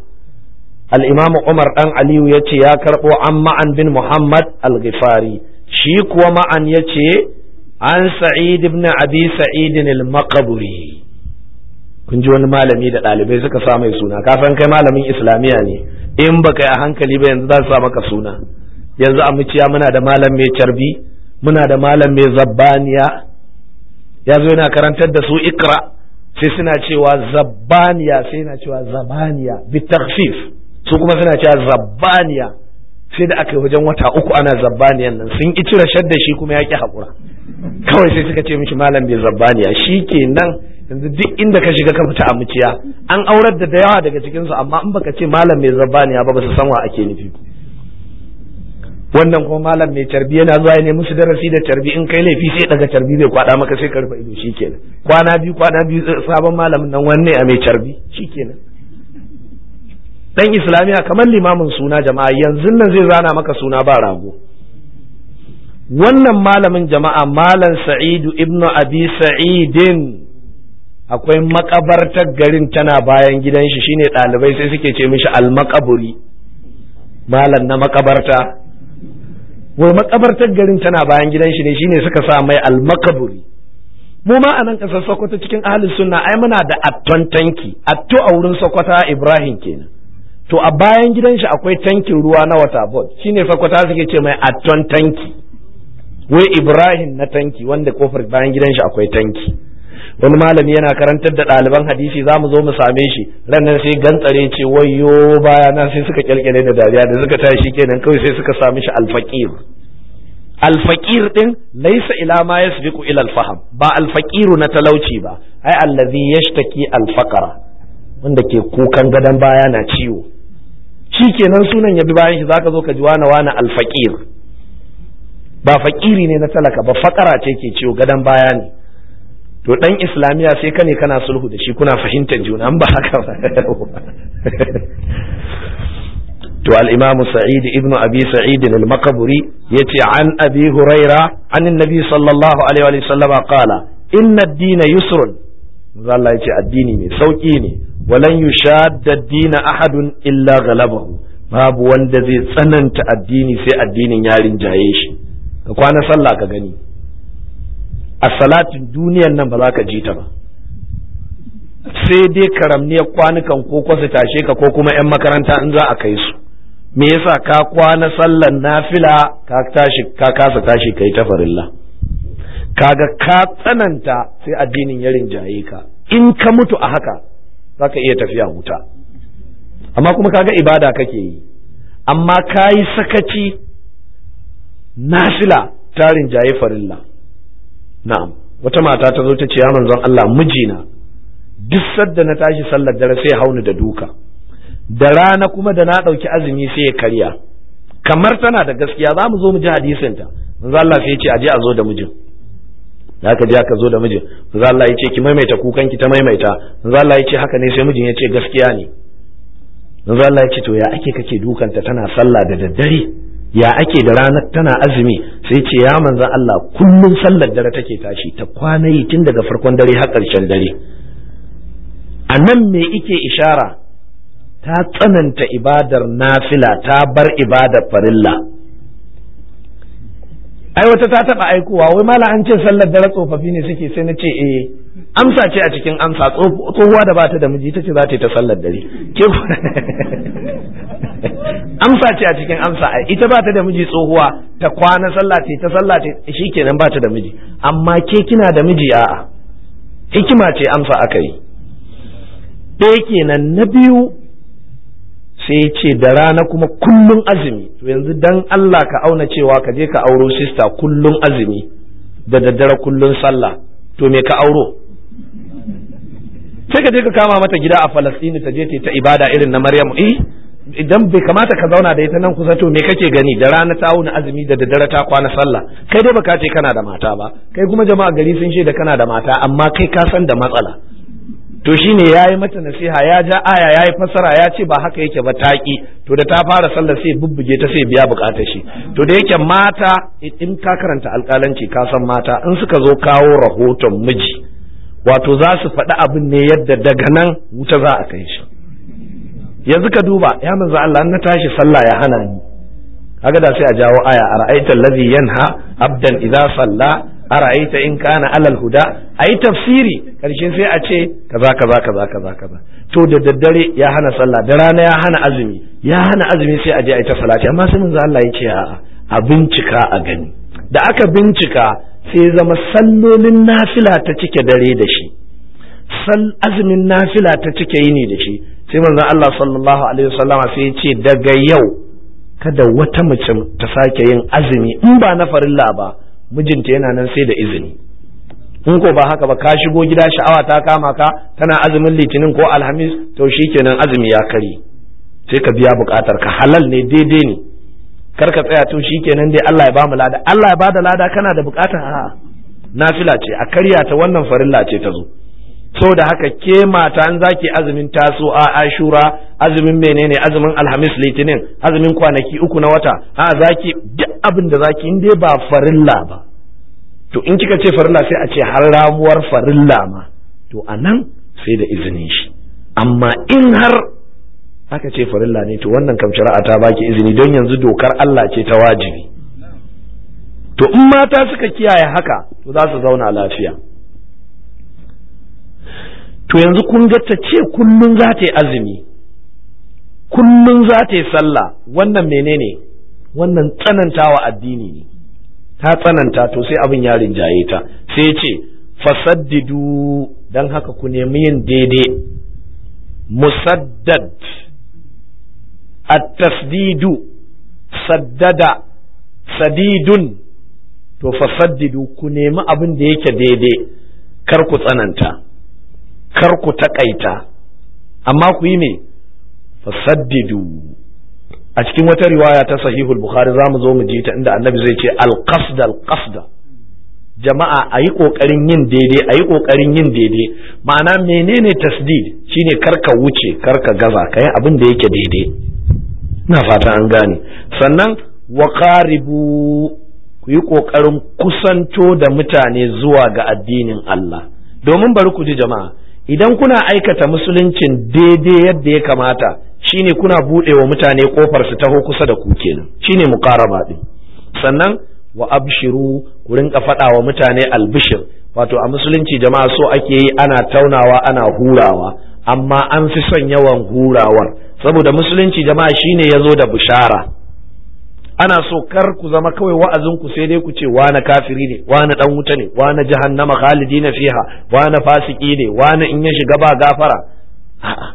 al-imamu umar dan aliyu ya ce ya karɓo an ma'an bin muhammad al-ghifari shi kuwa ma'an ya ce an sa'id ibn abi sa'id al-maqburi kun ji wani malami da ɗalibai suka sa mai suna ka san kai malamin islamiyya ne in baka yi a hankali ba yanzu za su sa maka suna yanzu a muciya muna da malam mai carbi muna da malam mai zabbaniya ya zo yana karantar da su ikra sai suna cewa zabaniya sai yana cewa zabaniya bi su kuma suna cewa zabbaniya sai da aka yi wajen wata uku ana zabaniyan nan sun ki cire shadda shi kuma ya ki haƙura kawai sai suka ce mishi malam bai zabaniya shi kenan yanzu duk inda ka shiga ka fita a an aurar da da yawa daga cikinsu amma in baka ce malam mai zabaniya ba ba su san wa ake nufi wannan kuma malam mai tarbi yana zuwa ne musu darasi da tarbi in kai laifi sai daga tarbi bai kwada maka sai karfa ido shikenan kwana biyu kwana biyu eh, sabon malamin nan wanne a mai carbi shikenan dan islamiya kamar limamin suna jama'a yanzu nan zai zana maka suna ba rago wannan malamin jama'a malam sa'idu ibnu abi sa'idin akwai makabartar garin tana bayan gidan shi shine ɗalibai sai suke ce mishi almakaburi malam na makabarta wai makabartar garin tana bayan gidan shi ne shine suka sa mai almakaburi mu ma a nan ƙasar sokoto cikin ahli sunna ai muna da atton tanki atto a wurin sokoto ibrahim kenan to a bayan gidan shi akwai tankin ruwa na water board shine sokoto suke ce mai atton tanki wai ibrahim na tanki wanda kofar bayan gidan shi akwai tanki wani malami yana karantar da ɗaliban hadisi za mu zo mu same shi rannan sai gantsare ce wayo bayana sai suka kyalkyale da dariya da suka tashi kenan kawai sai suka sami shi alfaqir Alfaƙir ɗin laisa ila ma yasbiqu ila alfaham ba alfaqiru na talauci ba ai allazi yashtaki alfaqara wanda ke kukan gadan baya na ciwo shi kenan sunan ya bi bayan shi zaka zo ka ji wana wana alfaqir ba faƙiri ne na talaka ba faqara ce ke ciwo gadan baya ne to dan islamiya sai kane kana sulhu da shi kuna fahimtar juna ba haka ba to al-imam sa'id ibn abi sa'id al-maqburi yace an abi huraira an annabi sallallahu alaihi wa sallama qala inna dina yusrun Allah ce addini mai sauƙi ne walan yushadda dina ahadun illa galabahu babu wanda zai tsananta addini sai addinin yarin jaye shi ka kwana sallah ka gani a salatin duniyan nan ba za ka ji ta ba sai dai karamniyar kwanukan ko kwasa tashe ka ko kuma 'yan makaranta in za a kai su me yasa ka kwana sallan nafila ka tashi ka kasa tashi kai ta farilla kaga ka tsananta sai addinin ya rinjaye ka in ka mutu a haka zaka iya tafiya wuta amma kuma kaga ibada kake yi amma kayi sakaci nafila ta rinjaye farilla na'am wata mata ta zo ta ce ya manzon Allah mijina duk sadda na tashi sallar dare sai hauni da duka da rana kuma da na ɗauki azumi sai ya karya kamar tana da gaskiya za mu zo mu ji hadisinta manzo Allah sai ya ce aje a zo da mijin zaka je aka zo da mijin manzo Allah ya ce ki maimaita kukan ki ta maimaita manzo Allah ya ce haka ne sai mijin ya ce gaskiya ne manzo Allah ya ce to ya ake kake dukanta tana sallah da daddare ya ake da rana tana azumi sai ce ya manzo Allah kullun sallar dare take tashi ta kwana yi tun daga farkon dare har ƙarshen dare a nan me ike ishara ta tsananta ibadar nafila ta bar ibadar farilla ai wata ta taba aikowa wai mala an ce sallar dare tsofaffi ne suke sai na ce eh amsa ce a cikin amsa tsohuwa da bata da miji tace za ta yi ta sallar dare ke amsa ce a cikin amsa ita ba ta da miji tsohuwa ta kwana sallah ce ta sallah ce shikenan ta da miji amma ke kina da miji a'a hikima ce amsa aka yi ɗaya kenan na biyu sai ya ce da rana kuma kullum azumi to yanzu dan Allah ka auna cewa ka je ka auro sista kullum azumi da daddare kullum sallah to me ka auro sai ka je ka kama mata gida a falastin ta je ta ibada irin na Maryamu eh idan bai kamata ka zauna da ita nan kusa to me kake gani da rana ta auna azumi da daddare ta kwana sallah kai dai baka ce kana da mata ba kai kuma jama'a gari sun ce da kana da mata amma kai ka san da matsala to shine yi mata nasiha ya ja aya ya yi fassara ya ce ba haka yake ba taƙi, to da ta fara sallar sai bubbuge ta sai biya bukatar shi to da yake mata in ka karanta alƙalanci ka san mata in suka zo kawo rahoton miji wato za su faɗi abin ne yadda daga nan wuta za a kai shi yanzu ka duba ya manzo Allah na tashi sallah ya hana ni kaga da sai a jawo aya ara'aita allazi yanha abdan idza salla A ara'aita in kana alal huda yi tafsiri karshen sai a ce kaza kaza kaza kaza kaza to da daddare ya hana sallah da rana ya hana azumi ya hana azumi sai a je a yi ta salati amma sai manzo Allah ya ce a bincika a gani da aka bincika sai zama sallolin nafila ta cike dare da shi sal azumin nafila ta cike yini da shi sai manzon Allah sallallahu alaihi wasallama sai ya ce daga yau kada wata mace ta sake yin azumi in ba na farilla ba mijinta yana nan sai da izini in ko ba haka ba ka shigo gida sha'awa ta kama ka tana azumin litinin ko alhamis to shikenan azumi ya kare sai ka biya bukatar ka halal ne daidai ne kar ka tsaya to shikenan dai Allah ya bamu lada Allah ya bada lada kana da bukata a nafila ce a karya ta wannan farilla ce ta zo da haka ke mata an zaki azumin taso a ashura azumin menene azumin alhamis litinin azumin kwanaki uku na wata a zaki duk abin da zaki in ba farilla ba to in kika ce farilla sai a ce har ramuwar farilla ma to a nan sai da izinin shi amma in har aka ce farilla ne to wannan kam shari'a ta baki izini don yanzu dokar Allah ce ta wajibi to in mata suka kiyaye haka to za su zauna lafiya to yanzu kun ga ta ce kullum za ta yi azumi kullum za ta yi sallah wannan menene wannan tsanantawa addini ne ta tsananta to sai abin ya rinjaye ta sai ce fasaddidu don haka ku nemi yin daidai musaddad at-tasdidu saddada sadidun to fasaddidu ku nemi abin da yake daidai kar ku tsananta kar ku taƙaita amma ku yi ne fasaddidu a cikin wata riwaya ta sahihul bukhari za mu zo mu ji ta inda annabi zai ce al alqasda jama'a a yi ƙoƙarin yin daidai a yi ƙoƙarin yin daidai ma'ana menene tasdid shine karka wuce kar ka gaza ka yi abin da yake daidai na fata an gane sannan wa qaribu ku yi ƙoƙarin kusanto da mutane zuwa ga addinin Allah domin bari ku ji jama'a idan kuna aikata musuluncin daidai yadda ya kamata shine kuna buɗe wa mutane kofar su taho kusa da ku kenan shine muqaraba din sannan wa abshiru ku rinƙa faɗa wa mutane albishir wato a musulunci jama'a so ake yi ana taunawa ana hurawa amma an fi son yawan hurawar saboda musulunci jama'a shine yazo da bushara. ana so kar ku zama kawai wa'azin ku sai dai ku ce wa na kafiri ne wa na dan wuta ne wa na jahannama khalidina fiha wa na fasiki ne wa na in ya shiga ba gafara a'a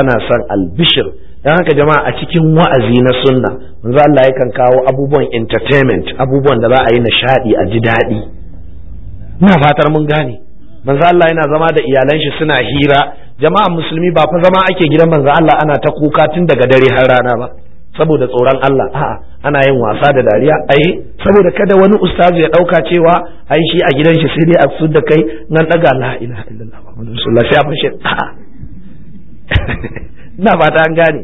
ana son albishir dan haka jama'a a cikin wa'azi na sunna manzo Allah yakan kawo abubuwan entertainment abubuwan da za a yi nishadi a ji daɗi ina fatar mun gane manzo Allah yana zama da iyalan shi suna hira jama'a musulmi ba fa zama ake gidan manzo Allah ana ta kuka tun daga dare har rana ba saboda tsoron Allah a'a ana yin wasa da dariya ai saboda kada wani ustazu ya dauka cewa ai shi a gidan shi sai dai a fitar da kai nan daga la ilaha illallah muhammadu rasulullah sai a fashe ina fata an gane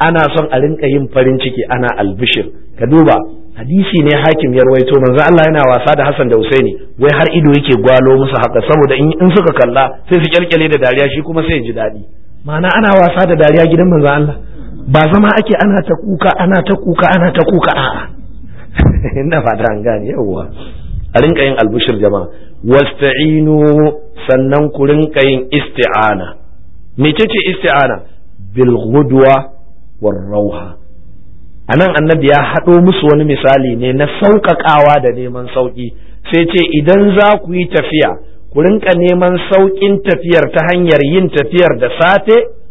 ana son a rinka yin farin ciki ana albishir ka duba hadisi ne hakim ya rawaito manzo Allah yana wasa da Hassan da Husaini wai har ido yake gwalo musu haka saboda in suka kalla sai su kyalkyale da dariya shi kuma sai ya ji daɗi ma'ana ana wasa da dariya gidan manzo Allah ba zama ake ana ta kuka ana ta kuka ana ta kuka a'a ina fata an gane yawwa a rinka yin albushir jama'a wasta'inu sannan ku rinka yin isti'ana mecece isti'ana bil ghudwa war rawha anan annabi ya haɗo musu wani misali ne na sauƙaƙawa da neman sauƙi sai ce idan za ku yi tafiya ku rinka neman sauƙin tafiyar ta hanyar yin tafiyar da safe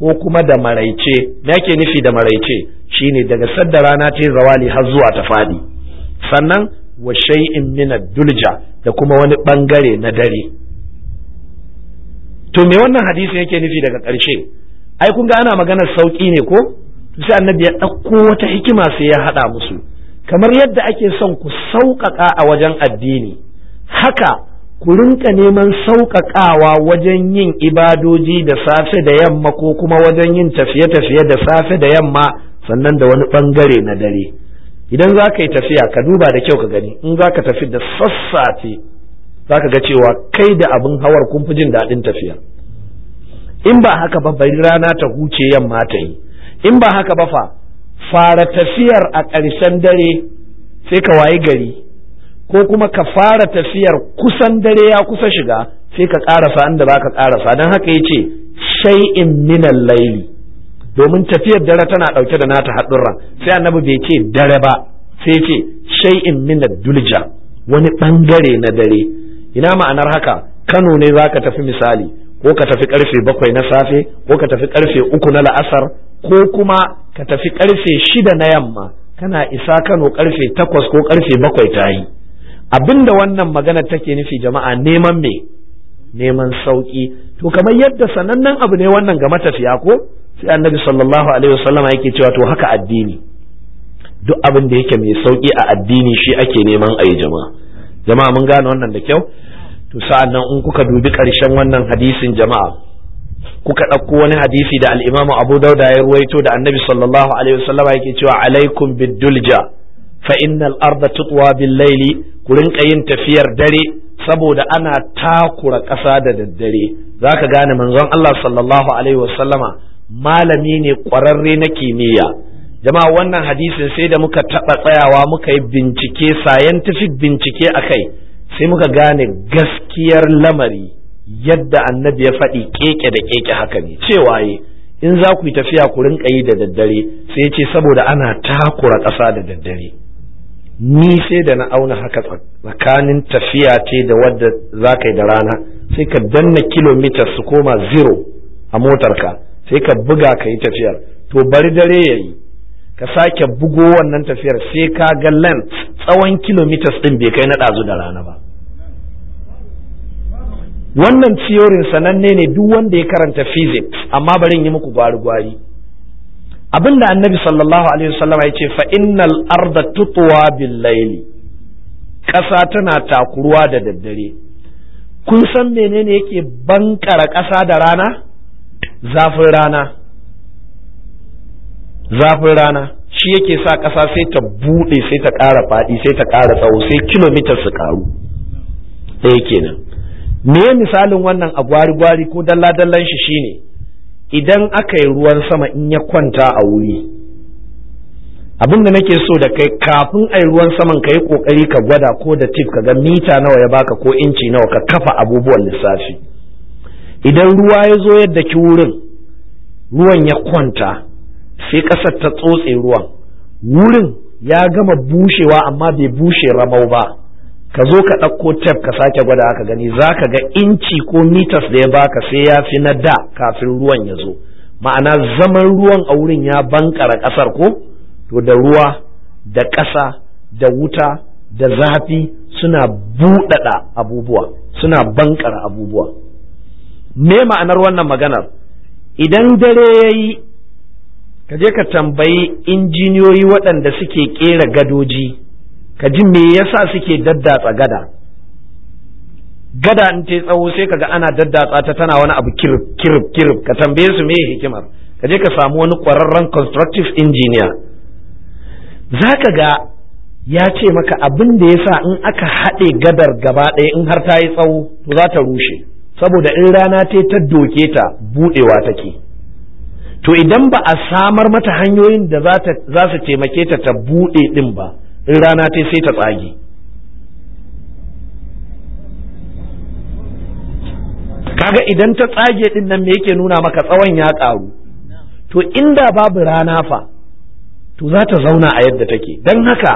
ko kuma da maraice me ake nufi da maraice shine daga sadda rana ta zawali har zuwa ta fadi sannan wa shay'in min dulja da kuma wani bangare na dare to me wannan hadisin yake nufi daga ƙarshe ai kun ga ana maganar sauki ne ko sai annabi ya ɗauko wata hikima sai ya haɗa musu kamar yadda ake son ku sauƙaƙa a wajen addini haka ku rinka neman sauƙaƙawa wajen yin ibadoji da safe da yamma ko kuma wajen yin tafiye-tafiye da safe da yamma sannan da wani ɓangare na dare idan za ka yi tafiya ka duba da kyau ka gani in za ka tafi da sassafe za ka ga cewa kai da abin hawar kun fi jin daɗin tafiya in ba haka ba bari rana ta huce yamma ta yi in ba haka ba fa fara tafiyar a ƙarshen dare sai ka wayi gari ko kuma ka fara tafiyar kusan dare ya kusa shiga sai ka ƙarasa inda ba ka ƙarasa don haka ya ce shay'in minan laili domin tafiyar dare tana ɗauke da nata ran, sai annabi bai ce dare ba sai ce shay'in minan dulja wani ɓangare na dare ina ma'anar haka kano ne za ka tafi misali ko ka tafi ƙarfe bakwai na safe ko ka tafi ƙarfe uku na la'asar ko kuma ka tafi ƙarfe shida na yamma kana isa kano ƙarfe takwas ko ƙarfe bakwai ta yi abinda wannan magana take nufi jama'a neman me neman sauki to kamar yadda sanannen abu ne wannan ga matafiya ko sai annabi sallallahu alaihi wasallam yake cewa to haka addini duk abin da yake mai sauki a addini shi ake neman ayi jama'a jama'a mun gane wannan da kyau to sa'an in kuka dubi ƙarshen wannan hadisin jama'a kuka ɗauko wani hadisi da al'imamu abu dauda ya ruwaito da annabi sallallahu alaihi wasallam yake cewa alaikum biddulja fa innal arda tutwa bil laili ku rinka yin tafiyar dare saboda ana takura ƙasa da daddare zaka gane manzon Allah sallallahu alaihi wasallama malami ne ƙwararre na kimiyya jama'a wannan hadisin sai da muka taɓa tsayawa muka yi bincike scientific bincike akai sai muka gane gaskiyar lamari yadda annabi ya faɗi keke da keke haka ne cewa yi in za ku yi tafiya ku rinka yi da daddare sai ce saboda ana takura ƙasa da daddare ni sai da na auna haka tsakanin tafiya ce da wadda za ka yi da rana sai ka danna kilomita su koma zero a motarka sai ka buga ka yi tafiyar to bari dare ya yi ka sake bugo wannan tafiyar sai ka ga length tsawon kilomitas ɗin bai kai na ɗazu da rana ba wannan ciyorin sananne ne duk wanda ya karanta physics amma bari yi muku gwari-gwari abinda annabi sallallahu alaihi wasallam ya ce fa innal arda tutuwa bil Laili, ƙasa tana takuruwa da daddare kun san menene yake bankara ƙasa da rana zafin rana zafin rana shi yake sa ƙasa sai ta buɗe sai ta ƙara faɗi sai ta ƙara tsawo sai kilomita su ƙaru ɗaya kenan me misalin wannan a gwari-gwari ko dalla-dallan shi shine idan aka yi ruwan sama in ya kwanta a wuri abin da nake so da kai kafin a yi ruwan saman ka yi kokari ka gwada ko da tif ka ga mita nawa ya baka ko inci nawa ka kafa abubuwan lissafi idan ruwa ya zo yadda ki wurin ruwan ya kwanta sai ƙasar ta tsotse ruwan wurin ya gama bushewa amma bai bushe ramau ba ka zo ka ɗauko tef ka sake gwada aka gani za ka ga inci ko mitas da ya baka sai ya fi na da kafin ruwan ya zo ma'ana zaman ruwan a wurin ya bankara ƙasar ko to da ruwa da ƙasa da wuta da zafi suna buɗaɗa abubuwa suna bankara abubuwa me ma'anar wannan maganar idan dare ya yi ka je ka tambayi injiniyoyi waɗanda suke ƙera gadoji ka ji me yasa suke daddatsa gada gada in ta yi tsawo sai kaga ana daddatsa ta tana wani abu kirib kirib kirib ka tambaye su me hikimar ka je ka samu wani ƙwararren constructive engineer za ka ga ya ce maka abin da ya sa in aka haɗe gadar gaba ɗaya in har ta yi tsawo to za ta rushe saboda in rana ta ta doke ta buɗewa take to idan ba a samar mata hanyoyin da za su taimake ta ta buɗe ɗin ba in rana ta sai ta tsage kaga idan ta tsage din nan me yake nuna maka tsawon ya ƙaru to inda babu rana fa to za ta zauna a yadda take don haka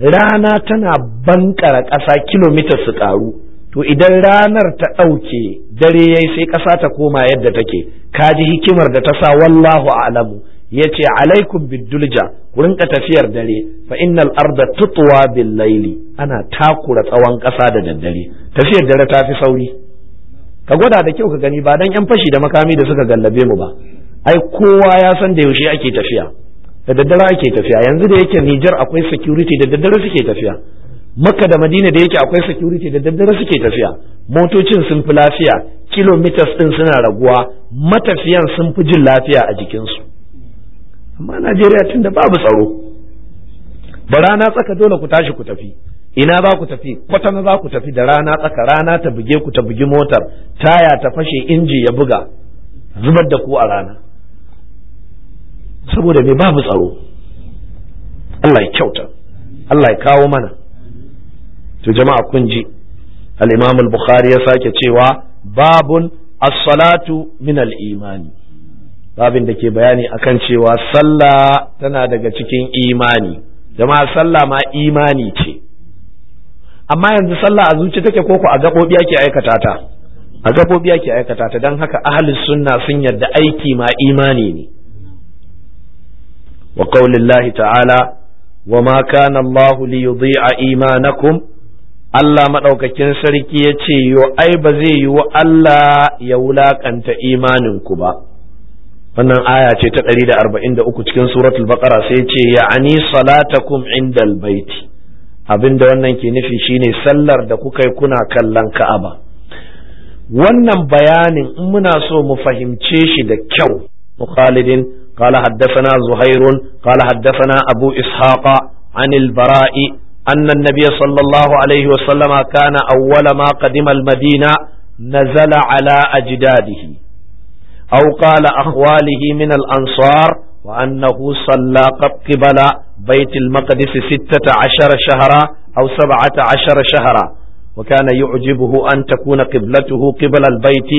rana tana bankara ƙasa kilomita su ƙaru to idan ranar ta ɗauke dare yayi sai ƙasa ta koma yadda take kaji hikimar da ta sa wallahu a'lamu Ya ce alaikum Bidulja. ku rinka tafiyar dare fa innal arda tutwa bil laili ana takura tsawon ƙasa da daddare tafiyar dare ta fi sauri ka gwada da kyau ka gani ba dan yan fashi da makami da suka gallabe mu ba ai kowa ya san da yaushe ake tafiya da daddare ake tafiya yanzu da yake Niger akwai security da daddare suke tafiya Makka da Madina da yake akwai security da daddare suke tafiya motocin sun fi lafiya kilometers din suna raguwa matafiyan sun fi jin lafiya a jikinsu amma najeriya tun da babu tsaro ba rana tsaka dole ku tashi ku tafi ina za ku tafi kwatana za ku tafi da rana tsaka rana ta buge ku ta bugi motar taya ta fashe inji ya buga zubar da ku a rana saboda me babu tsaro Allah ya kyauta Allah ya kawo mana to jama'a kun ji al-Imam al-Bukhari ya sake cewa babun as-salatu min al-imani babin da ke bayani akan cewa sallah tana daga cikin imani jama'a sallah ma imani ce amma yanzu sallah a zuci take koko a gaɓoɓi ake aikata ta a gaɓoɓi ake aikata ta don haka ahalus sunna sun yarda aiki ma imani ne wa qaulillahi ta'ala wa ma kana Allah li yudhi'a imanakum Allah maɗaukakin sarki ya ce yo ai ba zai yi wa Allah ya wulaƙanta imaninku ba wannan aya ce ta 143 cikin suratul baqara sai ce ya'ani salatakum indal baiti abinda wannan ke nufi shine sallar da kuka yi kuna kallon ka'aba wannan bayanin in muna so mu fahimce shi da kyau mukhalidin قال حدثنا زهير قال حدثنا أبو إسحاق عن البراء أن النبي صلى الله عليه وسلم كان أول ما قدم المدينة نزل على أجداده aw qala akhwalihi min al-ansar wa annahu salla qibala bait al-maqdis 16 shahra aw 17 shahra wa kana yu'jibuhu an takuna qiblatuhu qibla al-bayt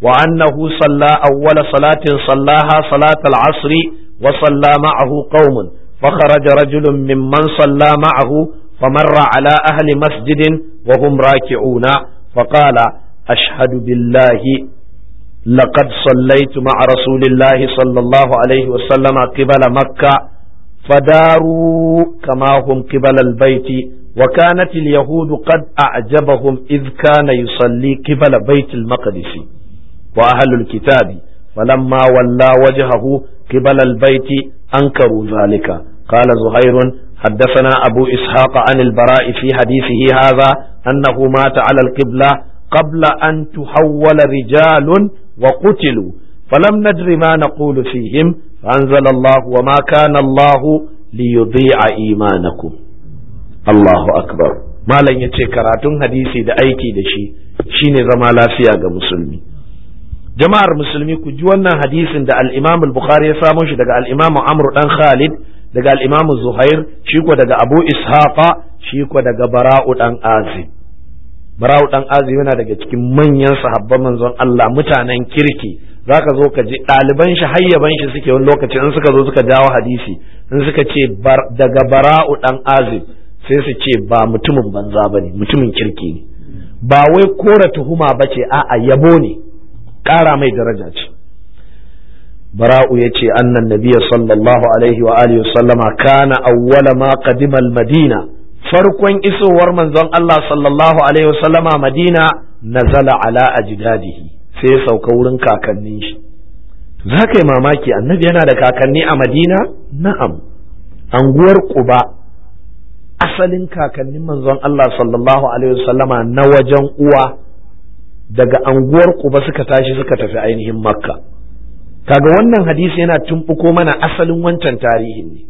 wa annahu salla awala salatin sallaha salat al-'asr wa salla ma'ahu qaumun fa kharaja rajulun mimman salla ma'ahu فمر على أهل مسجد وهم راكعون فقال أشهد بالله لقد صليت مع رسول الله صلى الله عليه وسلم قبل مكة فداروا كما هم قبل البيت وكانت اليهود قد أعجبهم إذ كان يصلي قبل بيت المقدس وأهل الكتاب فلما ولى وجهه قبل البيت أنكروا ذلك قال زهير حدثنا أبو إسحاق عن البراء في حديثه هذا أنه مات على القبلة قبل أن تحول رجال wa qutilu falam nadri ma naqulu fihim anzala Allah wa maka kana Allah a imanaku'." imanakum Allahu akbar malam yace karatun hadisi da aiki da shi shine zama lafiya ga musulmi jama'ar musulmi ku ji wannan hadisin da al bukhari ya samo shi daga al-Imam ɗan Khalid daga al-Imam Zuhair shi daga Abu Ishaqa shiko daga Bara'u ɗan Azib Bara'u dan azumi yana daga cikin manyan sahabban manzon Allah mutanen kirki zaka zo ka ji ɗaliban shi hayyaban shi suke wani lokaci in suka zo suka jawo hadisi in suka ce daga bara'u dan azib sai su ce ba mutumin banza ba ne mutumin kirki ne ba wai kora tuhuma bace a'a yabo ne ƙara mai daraja ce bara'u ya ce annan nabiya sallallahu alaihi wa alihi sallama kana awwala ma qadima madina farkon isowar manzon Allah sallallahu alaihi wasallama Madina nazala ala ajdadihi sai ya sauka wurin kakannin shi za ka yi mamaki annabi yana da kakanni a Madina na'am anguwar Quba asalin kakannin manzon Allah sallallahu alaihi wasallama na wajen uwa daga anguwar Quba suka tashi suka tafi ainihin Makka kaga wannan hadisi yana tumbuko mana asalin wancan tarihin ne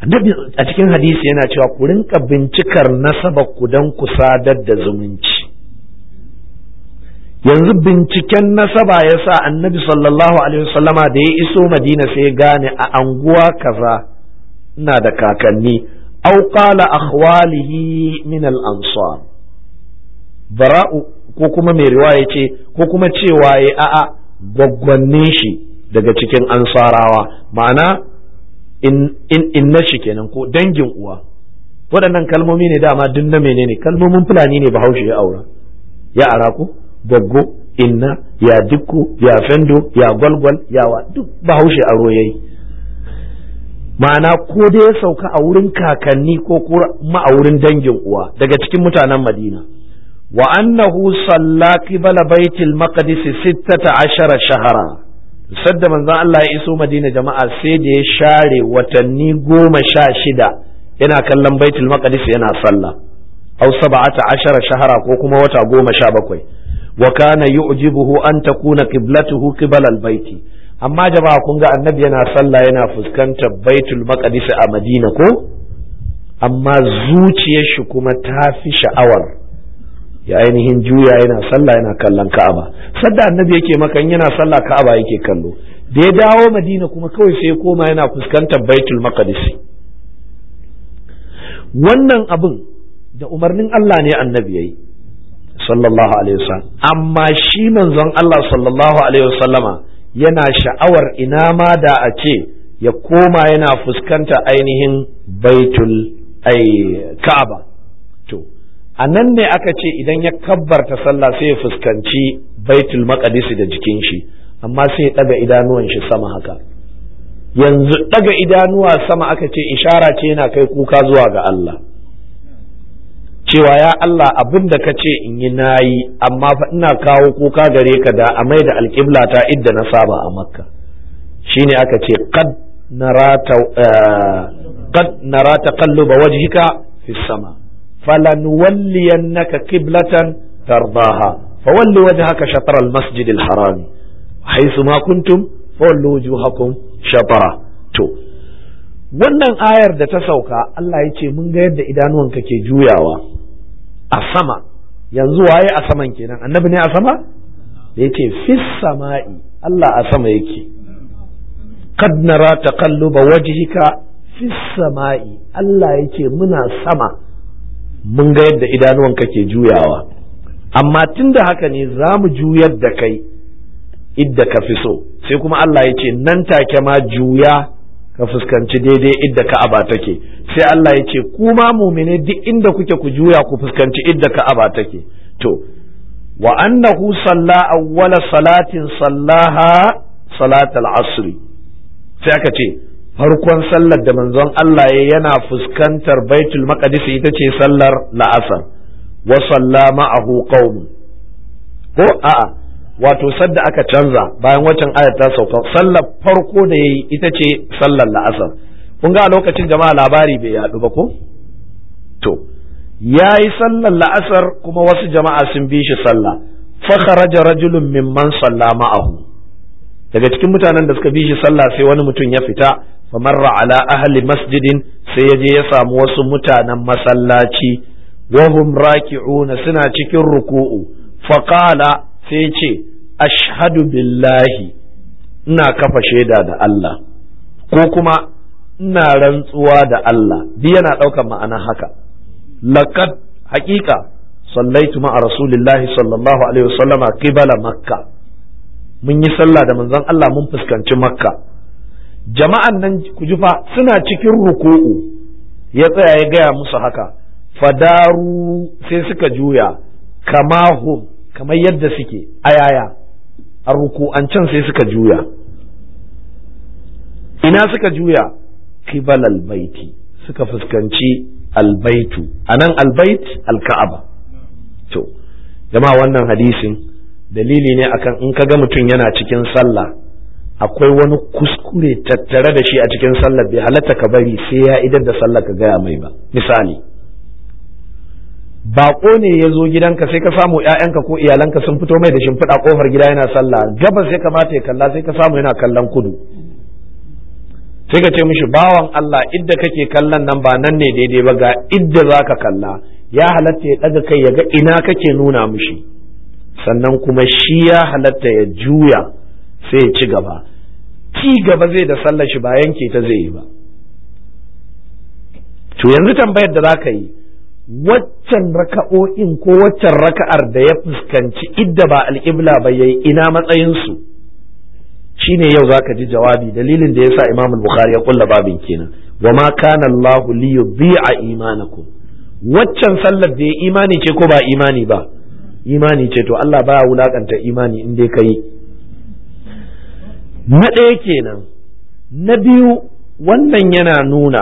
annabi a cikin hadisi yana cewa ku rinka bincikar nasaba ku don ku sadar da zumunci yanzu binciken nasaba ya sa annabi sallallahu alaihi wasallama da ya iso madina sai ya gane a anguwa kaza ina da kakanni au a akhwalihi min al bara'u ko kuma mai riwaya ce ko kuma cewa ya a'a gwaggwanne shi daga cikin ansarawa ma'ana in shi kenan ko dangin uwa waɗannan kalmomi ne dama duk na menene kalmomin fulani ne bahaushe ya aura ya araku goggo inna ya dukku ya fendo ya gwalgwal yawa duk bahaushe aro yayi ma'ana ko dai ya sauka a wurin kakanni ko kuma a wurin dangin uwa daga cikin mutanen madina wa annahu salla bala baitil maqdis 16 shahara sadda manzon Allah ya iso Madina jama'a sai da ya share watanni goma sha shida yana kallon Baitul Maqdis yana sallah aw sab'ata ashara shahara ko kuma wata goma sha bakwai wa kana yu'jibuhu an takuna qiblatuhu qibala al-baiti amma jama'a kun ga annabi yana sallah yana fuskantar Baitul Maqdis a Madina ko amma zuciyar shi kuma ta fi sha'awar ya ainihin juya yana sallah yana kallon ka'aba sadda annabi yake makan yana sallah ka'aba yake kallo da ya dawo madina kuma kawai sai koma yana fuskantar baitul maqdis wannan abin da umarnin Allah ne annabi yayi sallallahu alaihi wasallam amma shi manzon Allah sallallahu alaihi wasallama yana sha'awar ina ma da a ce ya koma yana fuskanta ainihin baitul ai ka'aba a nan ne aka ce idan ya kabbarta sallah sai ya fuskanci baitul maqdis da jikin shi amma sai ya daga idanuwan shi sama haka yanzu daga idanuwa sama aka ce ishara ce yana kai kuka zuwa ga Allah cewa ya Allah abin da ka ce in yi nayi amma fa ina kawo kuka gare ka da a mai da alƙibla ta idda na saba a makka shine aka ce qad narata eh, qad narata taqalluba wajhika fi sama falanuwalliyannaka qiblatan tardaha fawallu wajhaka haka al-masjid al-haram haythu ma kuntum fawallu wujuhakum shatara to wannan ayar da ta sauka Allah ya ce mun ga yadda idanuwanka ke juyawa a sama yanzu waye a saman kenan annabi ne a sama da yake fis sama'i Allah a sama yake kad nara taqalluba wajhika fis sama'i Allah yake muna sama mun ga yadda idanuwan kake juyawa amma tun da haka ne za mu juyar da kai idda ka fi so sai kuma Allah ya ce nan take ma juya ka fuskanci daidai idda ka aba take sai Allah ya ce kuma mumine duk inda kuke ku juya ku fuskanci idda ka aba take to wa annahu salla awwala salatin sallaha salatal asri sai aka ce farkon sallar da manzon Allah ya yana fuskantar baitul maqdis ita ce sallar la'asar wa salla ma'ahu qaum ko a'a wato sadda aka canza bayan watan ayat ta sauka sallar farko da yayi ita ce sallar la'asar kun ga lokacin jama'a labari bai yadu ba ko to yayi sallar la'asar kuma wasu jama'a sun bi shi sallah fa kharaja rajulun mimman salla ma'ahu daga cikin mutanen da suka bi shi sallah sai wani mutum ya fita fa marra ala ahli masjidin sai ya je ya samu wasu mutanen masallaci wahum raki'una suna cikin ruku'u fa sai ce ashhadu billahi ina kafa shaida da Allah ko kuma ina rantsuwa da Allah bi yana ɗaukar ma'ana haka laqad haƙiƙa sallaitu ma'a rasulillahi sallallahu alaihi wasallama qibala makka mun yi sallah da manzon Allah mun fuskanci makka jama'an nan ku suna cikin ruku'u ya tsaya ya gaya musu haka fadaru sai suka juya kama kamar yadda suke a yaya a ruku'ancan sai suka juya ina suka juya kibal albaiti suka fuskanci albaitu anan albait alka'aba to jama'a wannan hadisin dalili ne akan in kaga mutum yana cikin sallah akwai wani kuskure tattare da shi a cikin sallar bai halatta ka bari sai ya idan da sallar ka gaya mai ba misali bako ne ya zo gidanka sai ka samu ƴaƴanka ko iyalanka sun fito mai da shimfiɗa kofar gida yana sallah gabas ya kamata ya kalla sai ka samu yana kallon kudu sai ka ce mishi bawan Allah idda kake kallon nan ba nan ne daidai ba ga idda za ka kalla ya halatta ya ɗaga kai ya ga ina kake nuna mishi sannan kuma shi ya halatta ya juya sai ya ci gaba ci gaba zai da sallar shi ba yanke ta zai yi ba to yanzu tambayar da zaka yi waccan raka'o'in ko waccan raka'ar da ya fuskanci idda ba alƙibla ba yayi ina matsayinsu shine yau zaka ji jawabi dalilin da yasa Imam Bukhari ya kulla babin kenan wa ma kana Allah li yudhi'a imanakum waccan sallar da ya imani ce ko ba imani ba imani ce to Allah baya wulakanta imani in dai kai na ɗaya kenan na biyu wannan yana nuna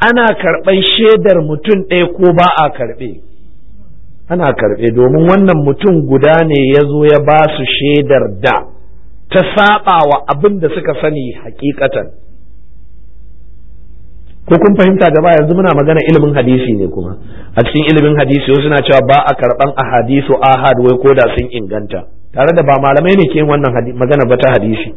ana karɓar shaidar mutum ɗaya ko ba a karɓe ana karɓe domin wannan mutum guda ne ya zo ya ba su shaidar da ta saɓa wa abin da suka sani hakikatan ko kun fahimta gaba yanzu muna magana ilimin hadisi ne kuma a cikin ilimin hadisi wasu na cewa ba a karɓan ahadisu ahad wai ko da sun inganta tare da ba malamai ne ke wannan magana ba ta hadisi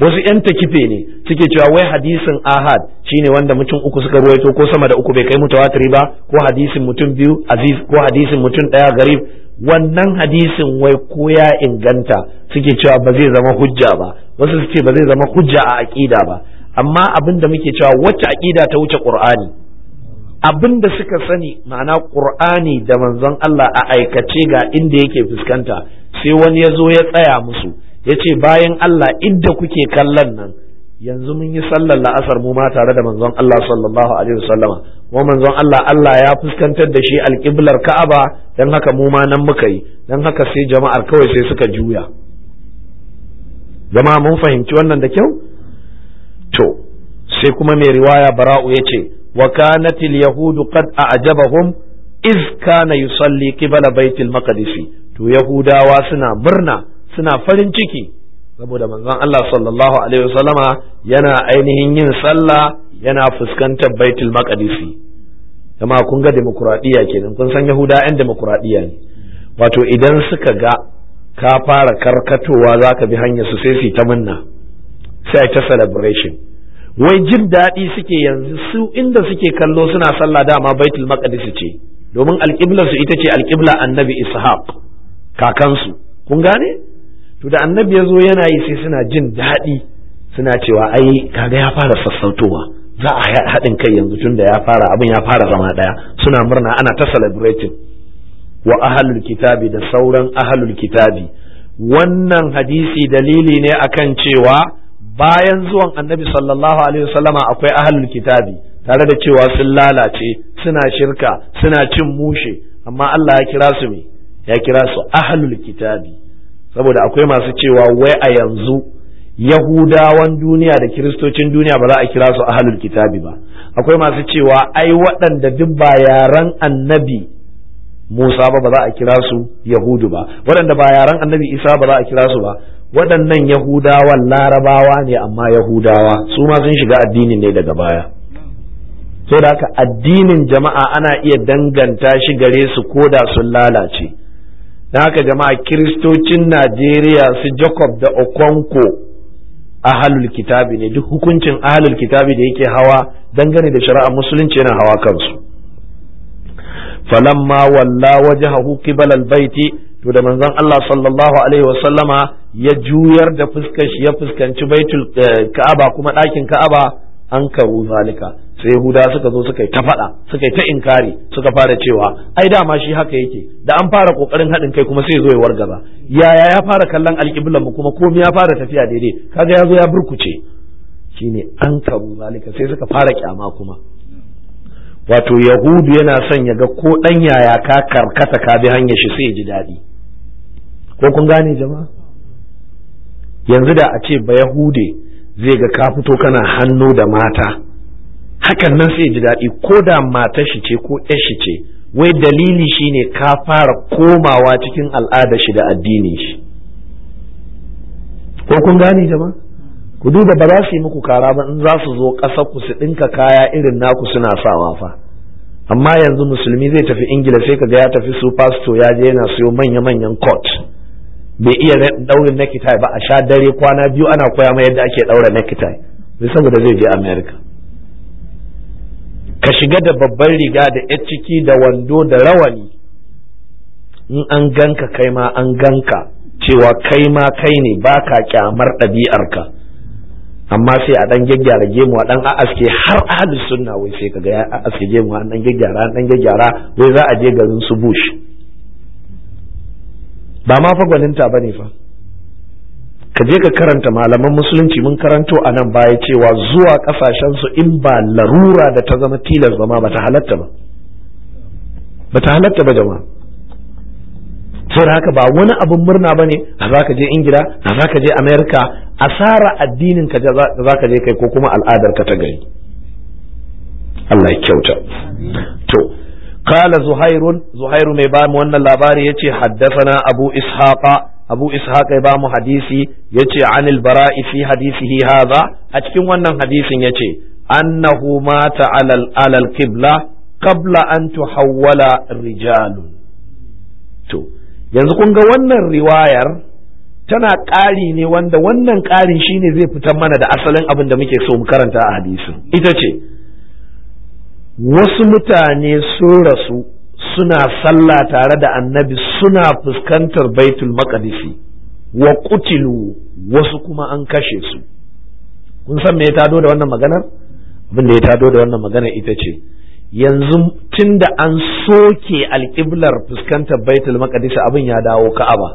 wasu yan takife ne suke cewa wai hadisin ahad shine wanda mutum uku suka ruwaito ko sama da uku bai kai mutawatiri ba ko hadisin mutum biyu aziz ko hadisin mutum daya garib wannan hadisin wai ko ya inganta suke cewa ba zai zama hujja ba wasu suke ba zai zama hujja a aqida ba amma abin da muke cewa wacce aqida ta wuce qur'ani abin da suka sani ma'ana qur'ani da manzon Allah a aikace ga inda yake fuskanta sai wani ya zo ya tsaya musu ya ce bayan Allah inda kuke kallon nan yanzu mun yi sallar la'asar mu ma tare da manzon Allah sallallahu alaihi wasallama kuma manzon Allah Allah ya fuskantar da shi alƙiblar Ka'aba dan haka mu ma nan muka yi dan haka sai jama'ar kawai sai suka juya jama'a mun fahimci wannan da kyau to sai kuma mai riwaya bara'u ya ce وكانت اليهود قد a qad a'jabahum يصلي قبل بيت المقدس baitil يهودا to yahudawa suna murna suna farin ciki saboda manzon Allah sallallahu alaihi wasallama yana ainihin yin sallah yana fuskantar baitul maqdis kuma kun ga demokradiya kenan kun san yahuda yan demokradiya ne wato idan suka ga ka fara karkatowa zaka bi hanyar su sai su ta munna sai ta celebration wai jin daɗi suke yanzu su inda suke kallo suna sallah dama baitul maqdis ce domin alqibla su ita ce alƙibla annabi ishaq kakansu kun gane to da annabi ya zo yana yi sai suna jin daɗi suna cewa ai kaga ya fara sassautowa za a haɗin kai yanzu tun da ya fara abin ya fara zama ɗaya suna murna ana ta celebrating wa ahlul kitabi da sauran ahlul kitabi wannan hadisi dalili ne akan cewa bayan zuwan annabi sallallahu alaihi wasallama akwai ahlul kitabi tare da cewa sun lalace suna shirka suna cin mushe amma Allah ya kira su me ya kira su ahlul kitabi saboda akwai masu cewa wai a yanzu yahudawan duniya da kiristocin duniya ba za a kira su ahlul kitabi ba akwai masu cewa ai waɗanda duk ba yaran annabi Musa ba ba za a kira su Yahudu ba waɗanda ba yaran annabi Isa ba za a kira su ba waɗannan yahudawan larabawa ne amma yahudawa su ma sun shiga addinin ne daga baya so da haka addinin jama'a ana iya danganta shi gare su ko da sun lalace na haka jama'a kiristocin najeriya su jacob da okonko ahalul kitabi ne duk hukuncin ahalul kitabi da yake hawa dangane da shari'a musulunci yana hawa kansu falamma walla wajahahu qibala albayti to da manzon Allah sallallahu alaihi sallama ya juyar da fuskar shi ya fuskanci baitul eh, ka'aba kuma ɗakin ka'aba an karu zalika sai huda suka zo suka yi ta faɗa suka yi ta inkari suka fara cewa ai dama shi haka yake da an fara kokarin haɗin kai kuma sai zo ya wargaza yaya ya fara kallon alƙiblan mu kuma komai ya fara tafiya daidai kaga ya zo ya burkuce shine an karu zalika sai suka fara kyama kuma wato yahudu yana son ya ga ko ɗan yaya ka karkata ka bi hanyar shi sai ya ji daɗi ko kun gane jama'a yanzu da a ce ba yahude zai ga ka fito kana hannu da mata hakan nan sai ji daɗi ko da matar shi ce ko ƴar shi ce wai dalili shine ka fara komawa cikin al'ada shi da addini shi ko kun gane jama'a ku duba ba za su yi muku kara ba in za su zo ƙasar ku su ɗinka kaya irin naku suna sawa fa amma yanzu musulmi zai tafi ingila sai ka ga ya tafi su pasto ya je yana siyo manya-manyan court bai iya daurin necktie ba a sha dare kwana biyu ana koya mai yadda ake daura necktie bai saboda zai je Amerika. ka shiga da babban riga da yar ciki da wando da rawani in an ganka kai ma an ganka cewa kai ma kai ne ba ka kyamar ɗabi'arka amma sai a ɗan gyaggyara gemu a ɗan aske har ahalus sunna wai sai kaga ya aske gemu a ɗan gyaggyara ɗan gyaggyara wai za a je garin su bush ba ma fa gwaninta ba ne fa ka je ka karanta malaman musulunci mun karanto a nan baya cewa zuwa ƙasashen su in ba larura da ta zama tilas ba ma ba ta halatta ba Ba ta halatta ba jama'a sai haka ba wani abin murna ba ne a za ka je ingila a za ka je amerika asara addinin ka za ka je kai ko kuma al'adar ka ta gari Allah ya kyauta to قال زهير Zuhairu mai بام wannan labari yace na abu ishaqa abu ishaq ya bamu hadisi yace anil bara'i fi hadisihi hadha a cikin wannan hadisin yace annahu mata alal alal qibla qabla an tu hauwala rijalu. yanzu kun ga wannan riwayar tana ƙari ne wanda wannan ƙarin shine zai fitar mana da asalin abin da muke so mu karanta a hadisin ita ce wasu mutane sun rasu suna sallah tare da annabi suna fuskantar baitul maqdisi wa kutilu wasu kuma an kashe su kun san me ya tado da wannan maganar abin da ya tado da wannan maganar ita ce yanzu tunda an soke alƙiblar fuskantar baitul maqdisi abin ya dawo ka'aba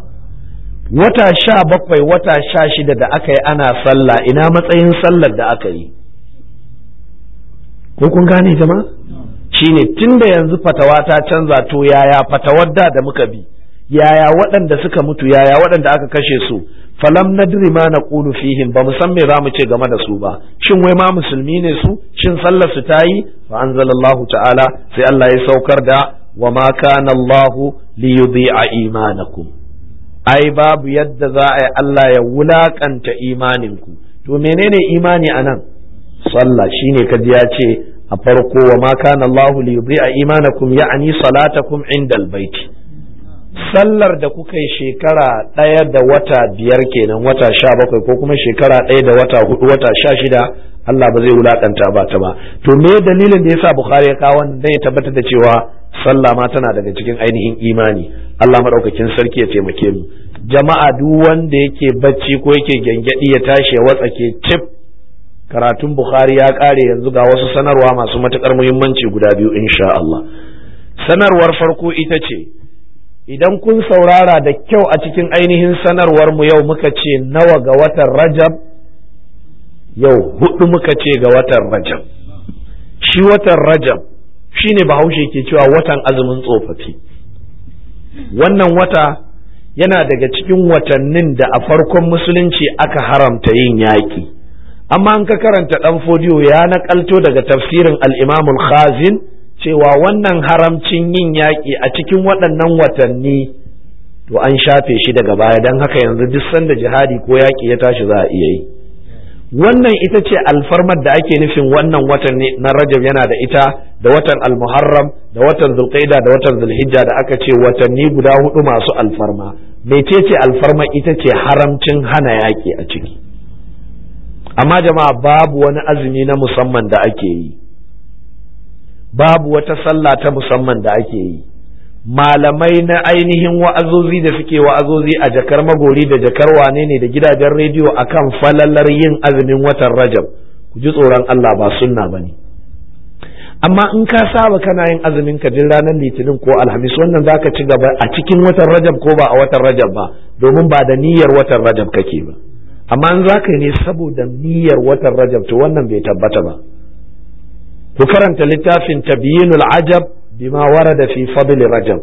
wata sha bakwai wata sha shida da aka yi ana sallah ina matsayin sallar da aka yi ko kun gane jama'a shine tunda yanzu fatawa ta canza to yaya fatawar da da muka bi yaya waɗanda suka mutu yaya waɗanda aka kashe su falam nadri ma na ƙulu fihim ba mu san me za mu ce game da su ba shin wai ma musulmi ne su shin sallar su ta yi fa anzalallahu ta'ala sai Allah ya saukar da wa ma kana Allahu li yudhi'a imanakum ai babu yadda za a yi Allah ya wulakanta imaninku to menene imani anan salla shine kaji ya ce a farko wa ma kana Allahu li yudhi'a imanakum ya'ni salatakum indal baiti sallar da kuka yi shekara ɗaya da wata biyar kenan wata sha bakwai ko kuma shekara ɗaya da wata hudu wata sha shida Allah ba zai wulakanta ba ta ba to me dalilin da yasa Bukhari ya kawo dan ya tabbatar da cewa sallah ma tana daga cikin ainihin imani Allah madaukakin sarki ya taimake mu jama'a duk wanda yake bacci ko yake gyangyaɗi ya tashi ya watsake cif karatun bukhari ya kare yanzu ga wasu sanarwa masu matukar muhimmanci guda biyu insha Allah sanarwar farko ita ce idan kun saurara da kyau a cikin ainihin sanarwar mu yau muka ce nawa ga watan rajab yau hudu muka ce ga watan rajab shi watan rajab shine bahaushe ke cewa watan azumin tsofaffi wannan wata yana daga cikin watannin da a farkon musulunci aka haramta yin yaƙi amma an ka karanta dan fodiyo ya nakalto daga tafsirin al-imamul khazin cewa wannan haramcin yin yaƙi a cikin waɗannan watanni to an shafe shi daga baya don haka yanzu duk sanda jihadi ko yaƙi ya tashi za a iya yi wannan ita ce alfarmar da ake nufin wannan watan na rajab yana da ita da watan almuharram da watan zulqaida da watan zulhijja da aka ce watanni guda hudu masu alfarma mecece alfarma ita ce haramcin hana yaƙi a ciki amma jama'a babu wani azumi na musamman da ake yi babu wata sallah ta musamman da ake yi malamai na ainihin wa'azozi da suke wa'azozi a jakar magori da jakar wane ne da gidajen rediyo akan falalar yin azumin watan rajab ku ji tsoron Allah ba sunna ba ne amma in ka saba kana yin azumin ka ranar litinin ko alhamis wannan zaka ci gaba a cikin watan rajab ko ba a watan rajab ba domin ba da niyyar watan rajab kake ba amma an za ne saboda niyyar watan rajab to wannan bai tabbata ba ku karanta littafin tabyinul ajab bima warada fi fadli rajab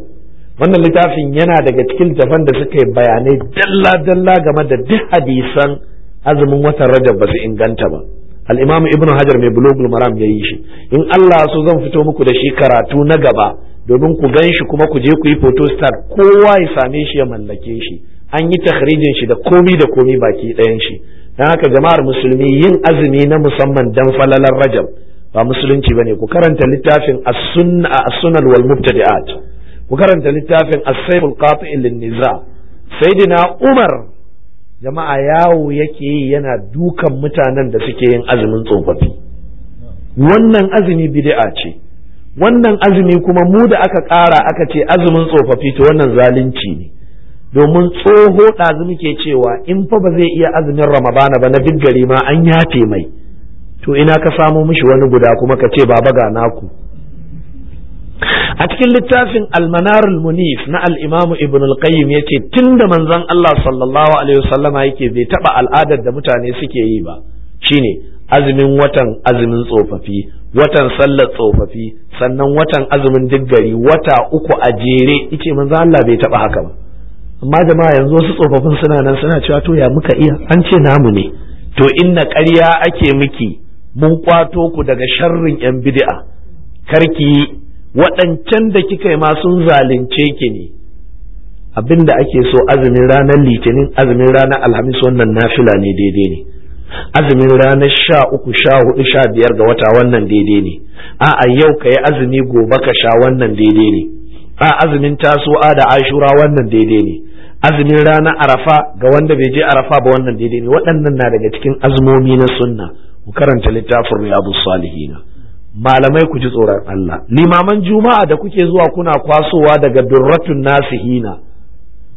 wannan littafin yana daga cikin tafan da suka yi bayanai dalla dalla game da duk hadisan azumin watan rajab ba su inganta ba al-imamu ibnu hajar mai bulugul maram ya yi shi in Allah so zan fito muku da shi karatu na gaba domin ku ganshi kuma ku je ku yi photostat kowa ya same shi ya mallake shi an yi takhrijin shi da komi da komi baki ɗayan shi don haka jama'ar musulmi yin azumi na musamman dan falalar rajab ba musulunci bane ku karanta littafin as-sunna as-sunan wal mubtadi'at ku karanta littafin as-sayyid qati' lin-niza sayyidina umar jama'a yawo yake yi yana dukan mutanen da suke yin azumin tsofaffi wannan azumi bid'a ce wannan azumi kuma mu da aka ƙara aka ce azumin tsofaffi to wannan zalunci ne domin tsoho ɗazu muke cewa in fa ba zai iya azumin ramadana ba na duk gari ma an yafe mai to ina ka samo mishi wani guda kuma ka ce baba ga naku a cikin littafin almanarul munif na al'imamu ibn al-qayyim ya ce tun da manzon Allah sallallahu alaihi wasallama yake bai taɓa al'adar da mutane suke yi ba shine azumin watan azumin tsofaffi watan sallar tsofaffi sannan watan azumin diggari wata uku a jere ice manzan Allah bai taba haka ba amma jama'a yanzu wasu tsofaffin suna nan suna cewa to ya muka iya an ce namu ne to inna ƙarya ake miki mun kwato ku daga sharrin yan bid'a karki waɗancan da kika yi ma sun zalunce ki ne abin da ake so azumin ranar litinin azumin ranar alhamis wannan nafila ne daidai ne azumin ranar sha uku sha hudu sha biyar ga wata wannan daidai ne a'a yau ka yi azumi gobe ka sha wannan daidai ne a azumin tasu'a da ashura wannan daidai ne azumin rana arafa ga wanda bai je arafa ba wannan daidai ne waɗannan na daga cikin azumomi na sunna ku karanta littafin riyadu salihina malamai ku ji tsoron Allah limaman juma'a da kuke zuwa kuna kwasowa daga durratun nasihina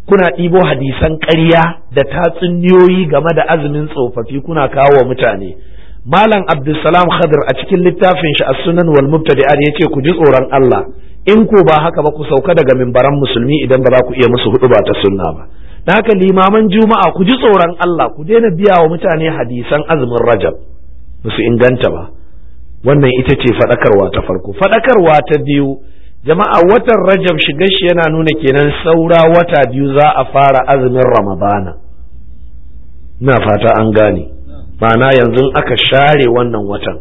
kuna ɗibo hadisan ƙarya da tatsuniyoyi game da azumin tsofaffi kuna kawo wa mutane malam abdulsalam khadir a cikin littafin shi as-sunan wal mubtadi'at yace ku ji tsoron Allah in ko ba haka ba ku sauka daga mimbaran musulmi idan ba za ku iya musu hudu ba ta sunna ba dan haka limaman juma'a ku ji tsoron Allah ku daina biya wa mutane hadisan azumin rajab ba inganta ba wannan ita ce fadakarwa ta farko Fadakarwa ta biyu jama'a watan rajab shiga shi yana nuna kenan saura wata biyu za a fara azumin ramadana Ina fata an gane ma'ana yanzu aka share wannan watan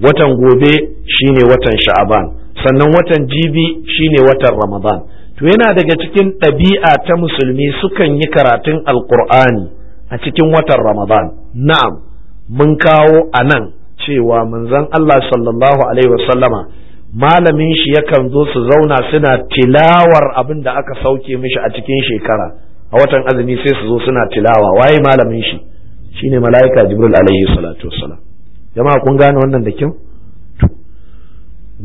watan gobe shine watan sha'aban sannan watan jibi shine watan ramadan to yana daga cikin ɗabi'a ta musulmi sukan yi karatun alkur'ani a cikin watan ramadan na'am mun kawo a nan cewa manzon allah sallallahu alaihi wasallama malamin shi yakan zo su zauna suna tilawar abin da aka sauke mishi a cikin shekara a watan azumi sai su zo suna tilawa waye malamin shi shine mala'ika jibril alaihi salatu wassalam jama'a kun gane wannan da kyau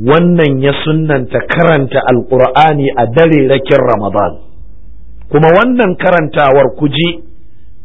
wannan ya sunnanta karanta alqur'ani a dare rakin ramadan kuma wannan karantawar kuji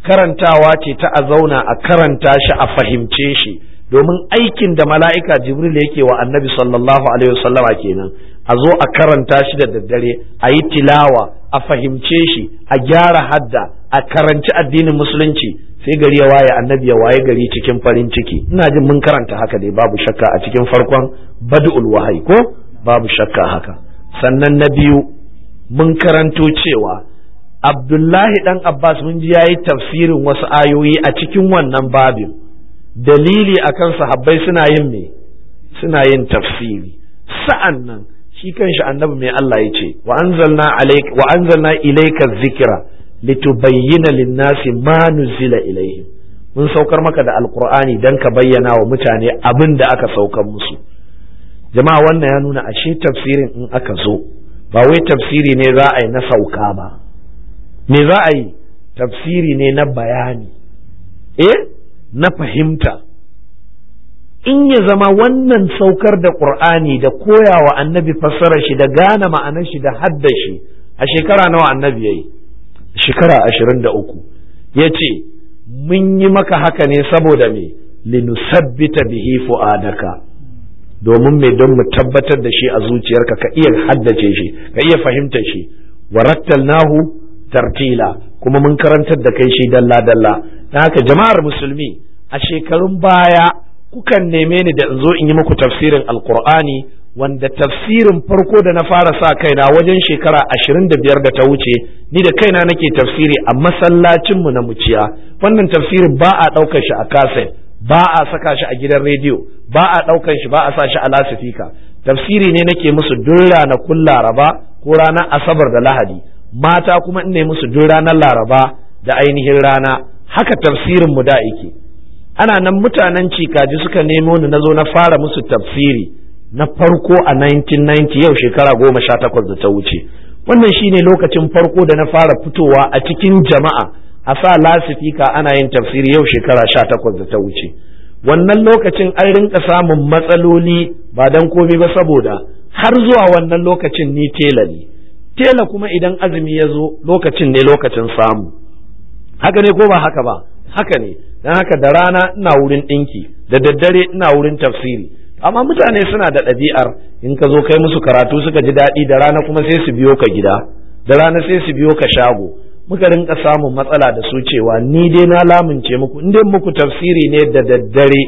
karantawa ce ta a zauna a karanta shi a fahimce shi domin aikin da mala'ika jibril yake wa annabi sallallahu alaihi wasallama kenan a zo a karanta shi da daddare a yi tilawa a fahimce shi a gyara hadda a karanci addinin musulunci sai gari ya waye annabi ya waye gari cikin farin ciki ina jin mun karanta haka dai babu shakka a cikin farkon bad'ul wahayi ko babu shakka haka sannan na biyu mun karanto cewa Abdullahi dan Abbas mun ji yayi tafsirin wasu ayoyi a cikin wannan babin dalili akan sahabbai suna yin me suna yin tafsiri sa'annan shi kanshi annabi mai Allah ya ce wa anzalna ilayka zikira litubayyana linnasi manuzila nuzila ilaihim mun saukar maka da alqur'ani dan ka bayyana wa mutane abin da aka sauka musu jama'a wannan ya nuna ashe tafsirin in aka zo ba wai tafsiri ne za a yi na sauka ba me za a yi tafsiri ne na bayani eh na fahimta in ya zama wannan saukar da ƙur'ani da koyawa annabi fassarar shi da gane ma'anar shi da haddashi a shekara nawa annabi yayi shekara ashirin da uku ya ce mun yi maka haka ne saboda me linusabbita bihi fu'adaka domin me don mu tabbatar da shi a zuciyarka ka iya haddace shi ka iya fahimtar shi warattalnahu tartila kuma mun karantar da kai shi dalla dalla dan haka jama'ar musulmi a shekarun baya kukan neme ni da in zo in yi muku tafsirin alqur'ani wanda tafsirin farko da na fara sa kaina wajen shekara ashirin da biyar da ta wuce ni da kaina nake tafsiri a masallacinmu na muciya wannan tafsirin ba a ɗaukar shi a kaset ba a saka shi a gidan rediyo ba a ɗaukar shi ba a sa shi a lasifika tafsiri ne nake musu duk ranakun laraba ko ranar asabar da lahadi mata kuma in ne musu duk ranar laraba da ainihin rana haka tafsirin mu da ike ana nan mutanen cikaji suka nemo ni na zo na fara musu tafsiri na farko a 1990 yau shekara goma sha takwas da ta wuce wannan shine lokacin farko da na fara fitowa a cikin jama'a a sa lasifika ana yin tafsiri yau shekara sha takwas da ta wuce wannan lokacin an rinka samun matsaloli ba don komai ba saboda har zuwa wannan lokacin ni tela ne tela kuma idan azumi ya zo lokacin ne lokacin samu haka ne ko ba haka ba haka ne Dan haka da rana ina wurin ɗinki da daddare ina wurin tafsiri amma mutane suna da ɗabi'ar in ka zo kai musu karatu suka ji daɗi da rana kuma sai su biyo ka gida da rana sai su biyo ka shago muka rinka samun matsala da su cewa ni dai na lamunce muku in dai muku tafsiri ne da daddare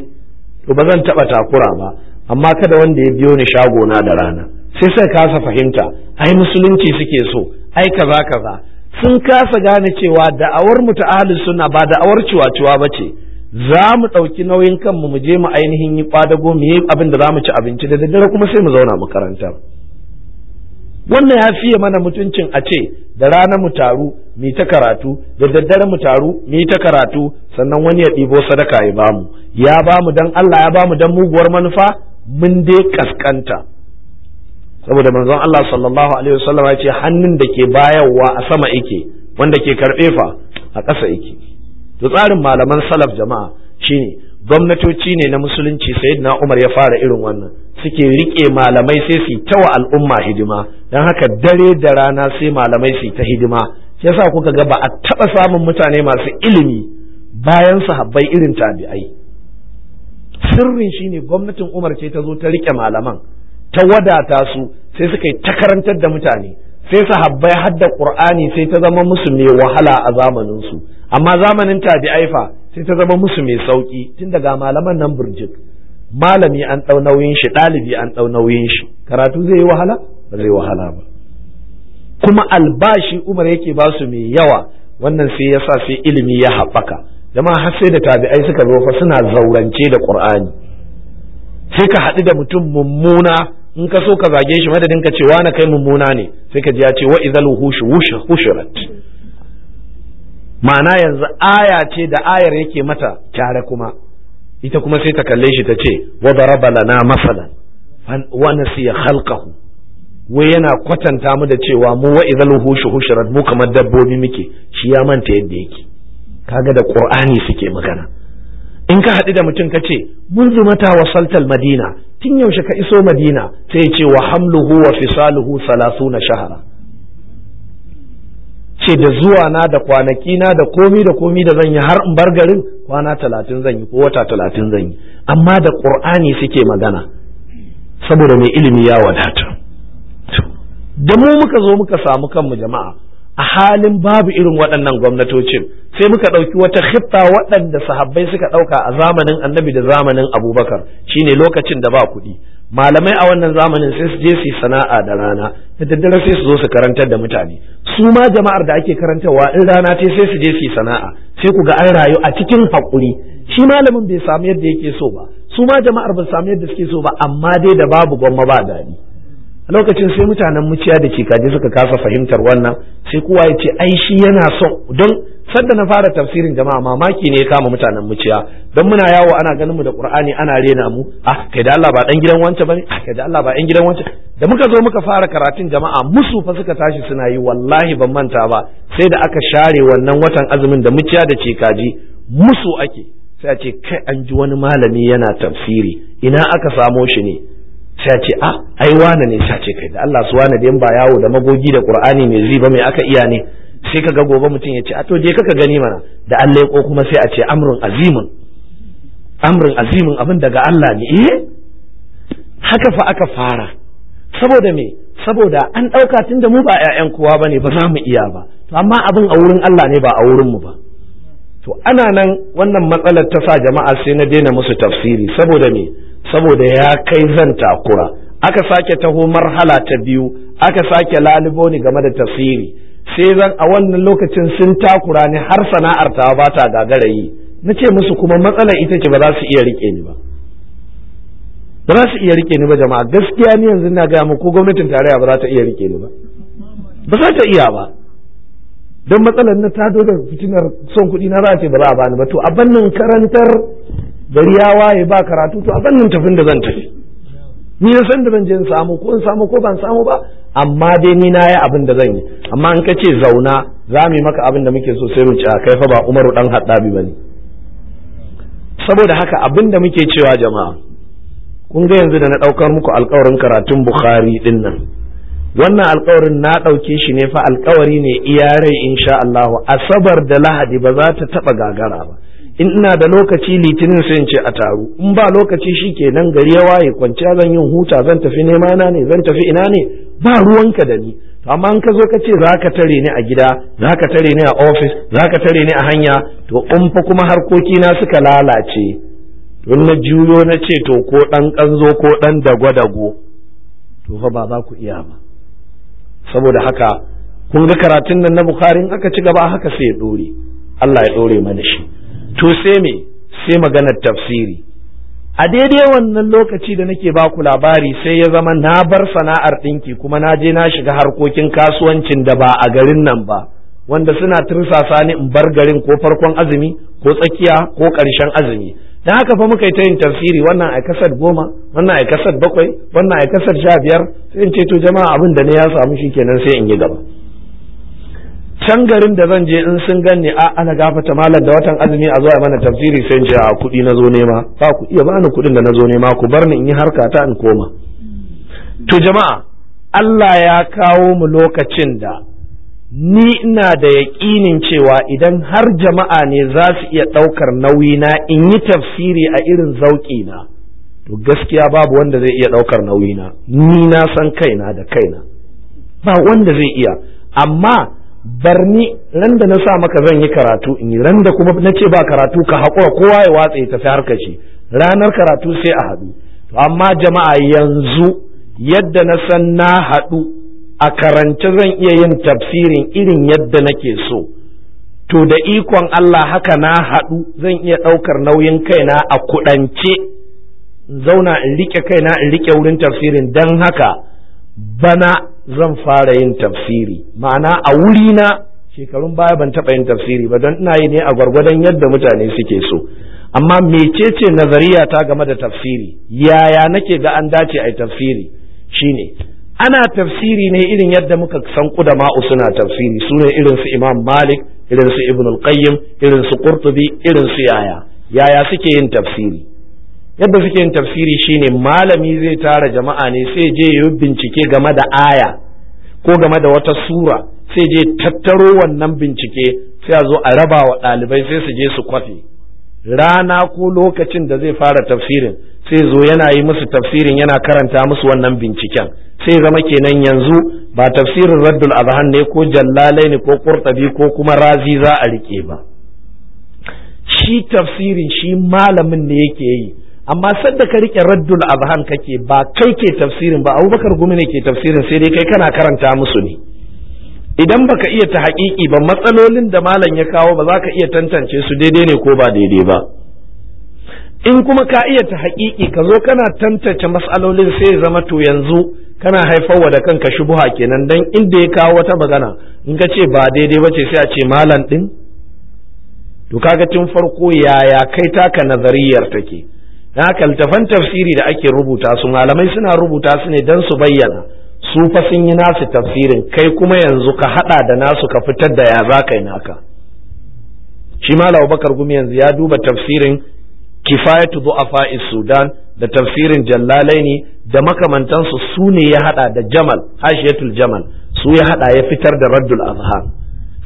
to ba zan taɓa takura ba amma kada wanda ya biyo ni shago na da rana sai sai kasa fahimta ai musulunci suke so ai kaza kaza sun kasa gane cewa da'awar mu ta ahlus sunna ba da'awar ciwa-ciwa bace za mu ɗauki nauyin kanmu mu je mu ainihin yi ƙwadago mu yi abin da za mu ci abinci da daddare kuma sai mu zauna mu karanta wannan ya fiye mana mutuncin a ce da rana mu taru mu ta karatu da daddare mu taru mu ta karatu sannan wani ya ɗibo sadaka ya bamu ya bamu dan Allah ya bamu dan muguwar manufa mun dai kaskanta saboda manzon Allah sallallahu alaihi wasallam ya ce hannun da ke bayarwa a sama yake wanda ke karɓe fa a ƙasa yake da tsarin malaman salaf jama'a shine gwamnatoci ne na musulunci sayyidina Umar ya fara irin wannan suke rike malamai sai su ta wa al'umma hidima dan haka dare da rana sai malamai su ta hidima yasa kuka ga ba a taba samun mutane masu ilimi bayan sahabbai irin tabi'ai sirrin shine gwamnatin Umar ce ta zo ta rike malaman ta wadata su sai suka yi ta karantar da mutane sai sahabbai hadda Qur'ani sai ta zama musu mai wahala a zamaninsu. su amma zamanin tabi'ai fa sai ta zama musu mai sauki tun daga malaman nan burjik malami an ɗau nauyin shi ɗalibi an ɗau nauyin shi karatu zai yi wahala ba zai wahala ba kuma albashi umar yake ba su mai yawa wannan sai ya sa sai ilimi ya haɓaka jama'a har sai da tabi'ai suka zo fa suna zaurance da qur'ani sai ka haɗu da mutum mummuna in ka so ka zage shi madadin ka ce na kai mummuna ne sai ka ji ya ce wa izal hushu ma'ana yanzu aya ce da ayar yake mata tare kuma ita kuma sai ta kalle shi ta ce wa daraba lana masalan wa nasiya khalqahu wai yana kwatanta mu da cewa mu wa idhal hushu hushrat mu kamar dabbobi muke shi ya manta yadda yake kaga da qur'ani suke magana in ka haɗu da mutum ka ce munzu mata wasaltal madina tun yaushe ka iso madina sai ce wa hamluhu wa fisaluhu salasuna shahara ce da zuwa na da kwanaki na da komi da komi da zan yi har in bar garin kwana talatin zan yi ko wata talatin zan yi amma da ƙur'ani suke magana saboda mai ilimi ya wadata da mu muka zo muka samu kanmu jama'a a halin babu irin waɗannan gwamnatocin sai muka ɗauki wata khitta waɗanda sahabbai suka ɗauka a zamanin annabi da zamanin abubakar shine lokacin da ba kuɗi malamai a wannan zamanin sai su je su sana'a da rana da daddare sai su zo su karantar da mutane su ma jama'ar da ake karantarwa in rana ce sai su je su sana'a sai ku ga an rayu a cikin haƙuri shi malamin bai samu yadda yake so ba su ma jama'ar ba samu yadda suke so ba amma dai da babu gwamma ba daɗi a lokacin sai mutanen muciya da ke suka kasa fahimtar wannan sai kowa ya ce ai shi yana son don Sanda na fara tafsirin jama'a mamaki ne ya kama mutanen muciya don muna yawo ana ganin mu da qur'ani ana rena mu ah kai da Allah ba dan gidan wance bane ah kai da Allah ba ɗan gidan wance da muka zo muka fara karatun jama'a musu fa suka tashi suna yi wallahi ban manta ba sai da aka share wannan watan azumin da muciya da cikaji musu ake sai a ce kai an ji wani malami yana tafsiri ina aka samo shi ne sai ce a ah, ai wane ne sai ce kai da Allah su wane da ba yawo da magogi da Qur'ani mai ziba mai aka iya ne sai ka ga gobe mutum ya ce a to je kaka gani mana da an ko kuma sai a ce amrun azimin amrun azimin abin daga Allah ne eh haka fa aka fara saboda me saboda an ɗauka tun da mu ba 'ya'yan kowa ba ne ba za mu iya ba to amma abin a wurin Allah ne ba a wurin mu ba to ana nan wannan matsalar ta sa jama'a sai na daina musu tafsiri saboda me saboda ya kai zan takura aka sake taho marhala ta biyu aka sake lalubo ni game da tafsiri sai zan a wannan lokacin sun takura ni har sana'ar ta ba ta gagara yi na ce musu kuma matsalar ita ce ba za su iya rike ni ba ba za su iya rike ni ba jama'a gaskiya ni yanzu na gaya ko gwamnatin tarayya ba za ta iya rike ni ba ba za ta iya ba don matsalar na ta da fitinar son kuɗi na za ce ba za a bani ba to a bannin karantar gari ya waye ba karatu to a bannin tafin da zan tafi ni na san da zan je in samu ko in samu ko ban samu ba amma dai ni na yi abin da zan yi amma in ka ce zauna za mu yi maka abin da muke so sai mu ci a kai fa ba umaru dan haddabi ba ne saboda haka abin da muke cewa jama'a kun ga yanzu da na ɗaukar muku alkawarin karatun bukhari din nan wannan alkawarin na ɗauke shi ne fa alkawari ne iya rai insha Allah asabar da lahadi ba za ta taba gagara ba in ina da lokaci litinin sai in ce a taru in ba lokaci shi ke nan gari ya waye kwanciya zan yin huta zan tafi nema na ne zan tafi ina ne ba ruwanka da ni to amma in ka zo ka ce za ka tare ni a gida za ka tare ni a ofis za ka tare ni a hanya to in fa kuma harkokina suka lalace in na juyo na ce to ko ɗan ƙanzo ko ɗan dago-dago to fa ba za ku iya ba saboda haka kun ga karatun nan na in aka ci gaba haka sai ya ɗore Allah ya ɗore mana shi to sai me sai maganar tafsiri a daidai wannan lokaci da nake baku labari sai ya zama na bar sana'ar ɗinki kuma na je na shiga harkokin kasuwancin da ba a garin nan ba wanda suna tursasa ni in bar garin ko farkon azumi ko tsakiya ko ƙarshen azumi dan haka fa muka yi ta yin tafsiri wannan a kasar goma wannan a kasar bakwai wannan a kasar sha biyar sai in ce to jama'a abin da ne ya samu shi kenan sai in yi gaba can garin da zan je in sun ganni a ana gafata malam da watan azumi a zuwa mana tafsiri sai in ce a kuɗi na zo nema ba ku iya bani kuɗin da na zo nema ku bar ni in yi harka ta in koma to jama'a Allah ya kawo mu lokacin da ni ina da yaƙinin cewa idan har jama'a ne za su iya ɗaukar na in yi tafsiri a irin zauƙi na to gaskiya babu wanda zai iya ɗaukar nauyina ni na san kaina da kaina ba wanda zai iya amma barni ran da na sa maka zan yi karatu in yi ran da kuma na ce ba karatu ka haƙura kowa ya watsa ya tafi harka ce ranar karatu sai a haɗu to amma jama'a yanzu yadda na san na haɗu a karance zan iya yin tafsirin irin yadda nake so to da ikon Allah haka na haɗu zan iya ɗaukar nauyin kaina a kuɗance zauna in riƙe kaina in riƙe wurin tafsirin don haka bana zan fara yin tafsiri ma'ana a wuri na shekarun baya ban taɓa yin tafsiri ba don ina yi ne a gwargwadon yadda mutane suke so amma mecece nazariya ta game da tafsiri yaya nake ga an dace a tafsiri shine ana tafsiri ne irin yadda muka san kudama suna tafsiri su ne irin su imam malik irin su ibn qayyim irin su qurtubi irin su yaya yaya suke yin tafsiri yadda suke yin tafsiri shine malami zai tara jama'a ne sai je yi bincike game da aya ko game da wata sura sai je tattaro wannan bincike sai a zo a raba wa ɗalibai sai su je su kwafe rana ko lokacin da zai fara tafsirin sai zo yana yi musu tafsirin yana karanta musu wannan binciken sai zama kenan yanzu ba tafsirin raddul azhan ne ko jallalai ne ko qurtabi ko kuma razi za a rike ba shi tafsirin shi malamin ne yake yi amma sadda ka rike raddul azhan kake ba kai ke tafsirin ba abubakar gumi ne ke tafsirin sai dai kai kana karanta musu ne idan baka iya ta haƙiƙi ba matsalolin da malam ya kawo ba za ka iya tantance su daidai ne ko ba daidai ba in kuma ka iya ta haƙiƙi ka zo kana tantance matsalolin sai zama to yanzu kana haifarwa da kanka shubuha kenan dan inda ya kawo wata magana in ka ce ba daidai ba ce sai a ce malam din to kaga tun farko yaya kai taka nazariyar take na haka littafan tafsiri da ake rubuta su malamai suna rubuta su ne don su bayyana su fa sun yi nasu tafsirin kai kuma yanzu ka haɗa da nasu ka fitar da ya za ka yi naka shi ma bakar gumi yanzu ya duba tafsirin kifayatu du'afa sudan da tafsirin jallalaini da makamantansu su ne ya haɗa da jamal hashiyatul jamal su ya haɗa ya fitar da raddul azhar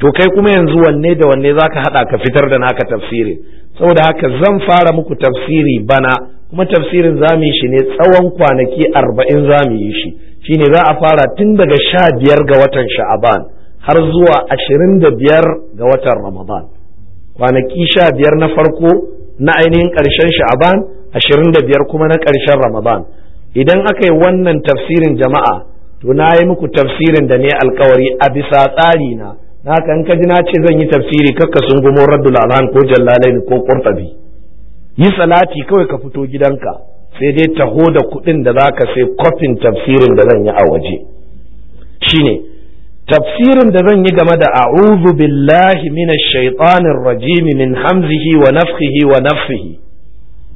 to kai kuma yanzu wanne da wanne zaka haɗa ka fitar da naka tafsirin saboda haka zan fara muku tafsiri bana kuma tafsirin zamu yi shi ne tsawon kwanaki arba'in zamu yi shi shine za a fara tun daga sha biyar ga watan sha'aban har zuwa ashirin da biyar ga watan ramadan kwanaki sha biyar na farko na ainihin ƙarshen sha'aban ashirin da biyar kuma na ƙarshen ramadan idan aka yi wannan tafsirin jama'a to na yi muku tafsirin da ne alkawari a bisa tsari na haka in ka ji na ce zan yi tafsiri kakka sun gumo raddul alhan ko jallalai ko qurtabi yi salati kawai ka fito gidanka sai dai taho da kuɗin da za ka sai kofin tafsirin da zan yi a waje shine tafsirin da zan yi game da a'udhu billahi minash shaitanir rajim min hamzihi wa nafthihi wa nafthihi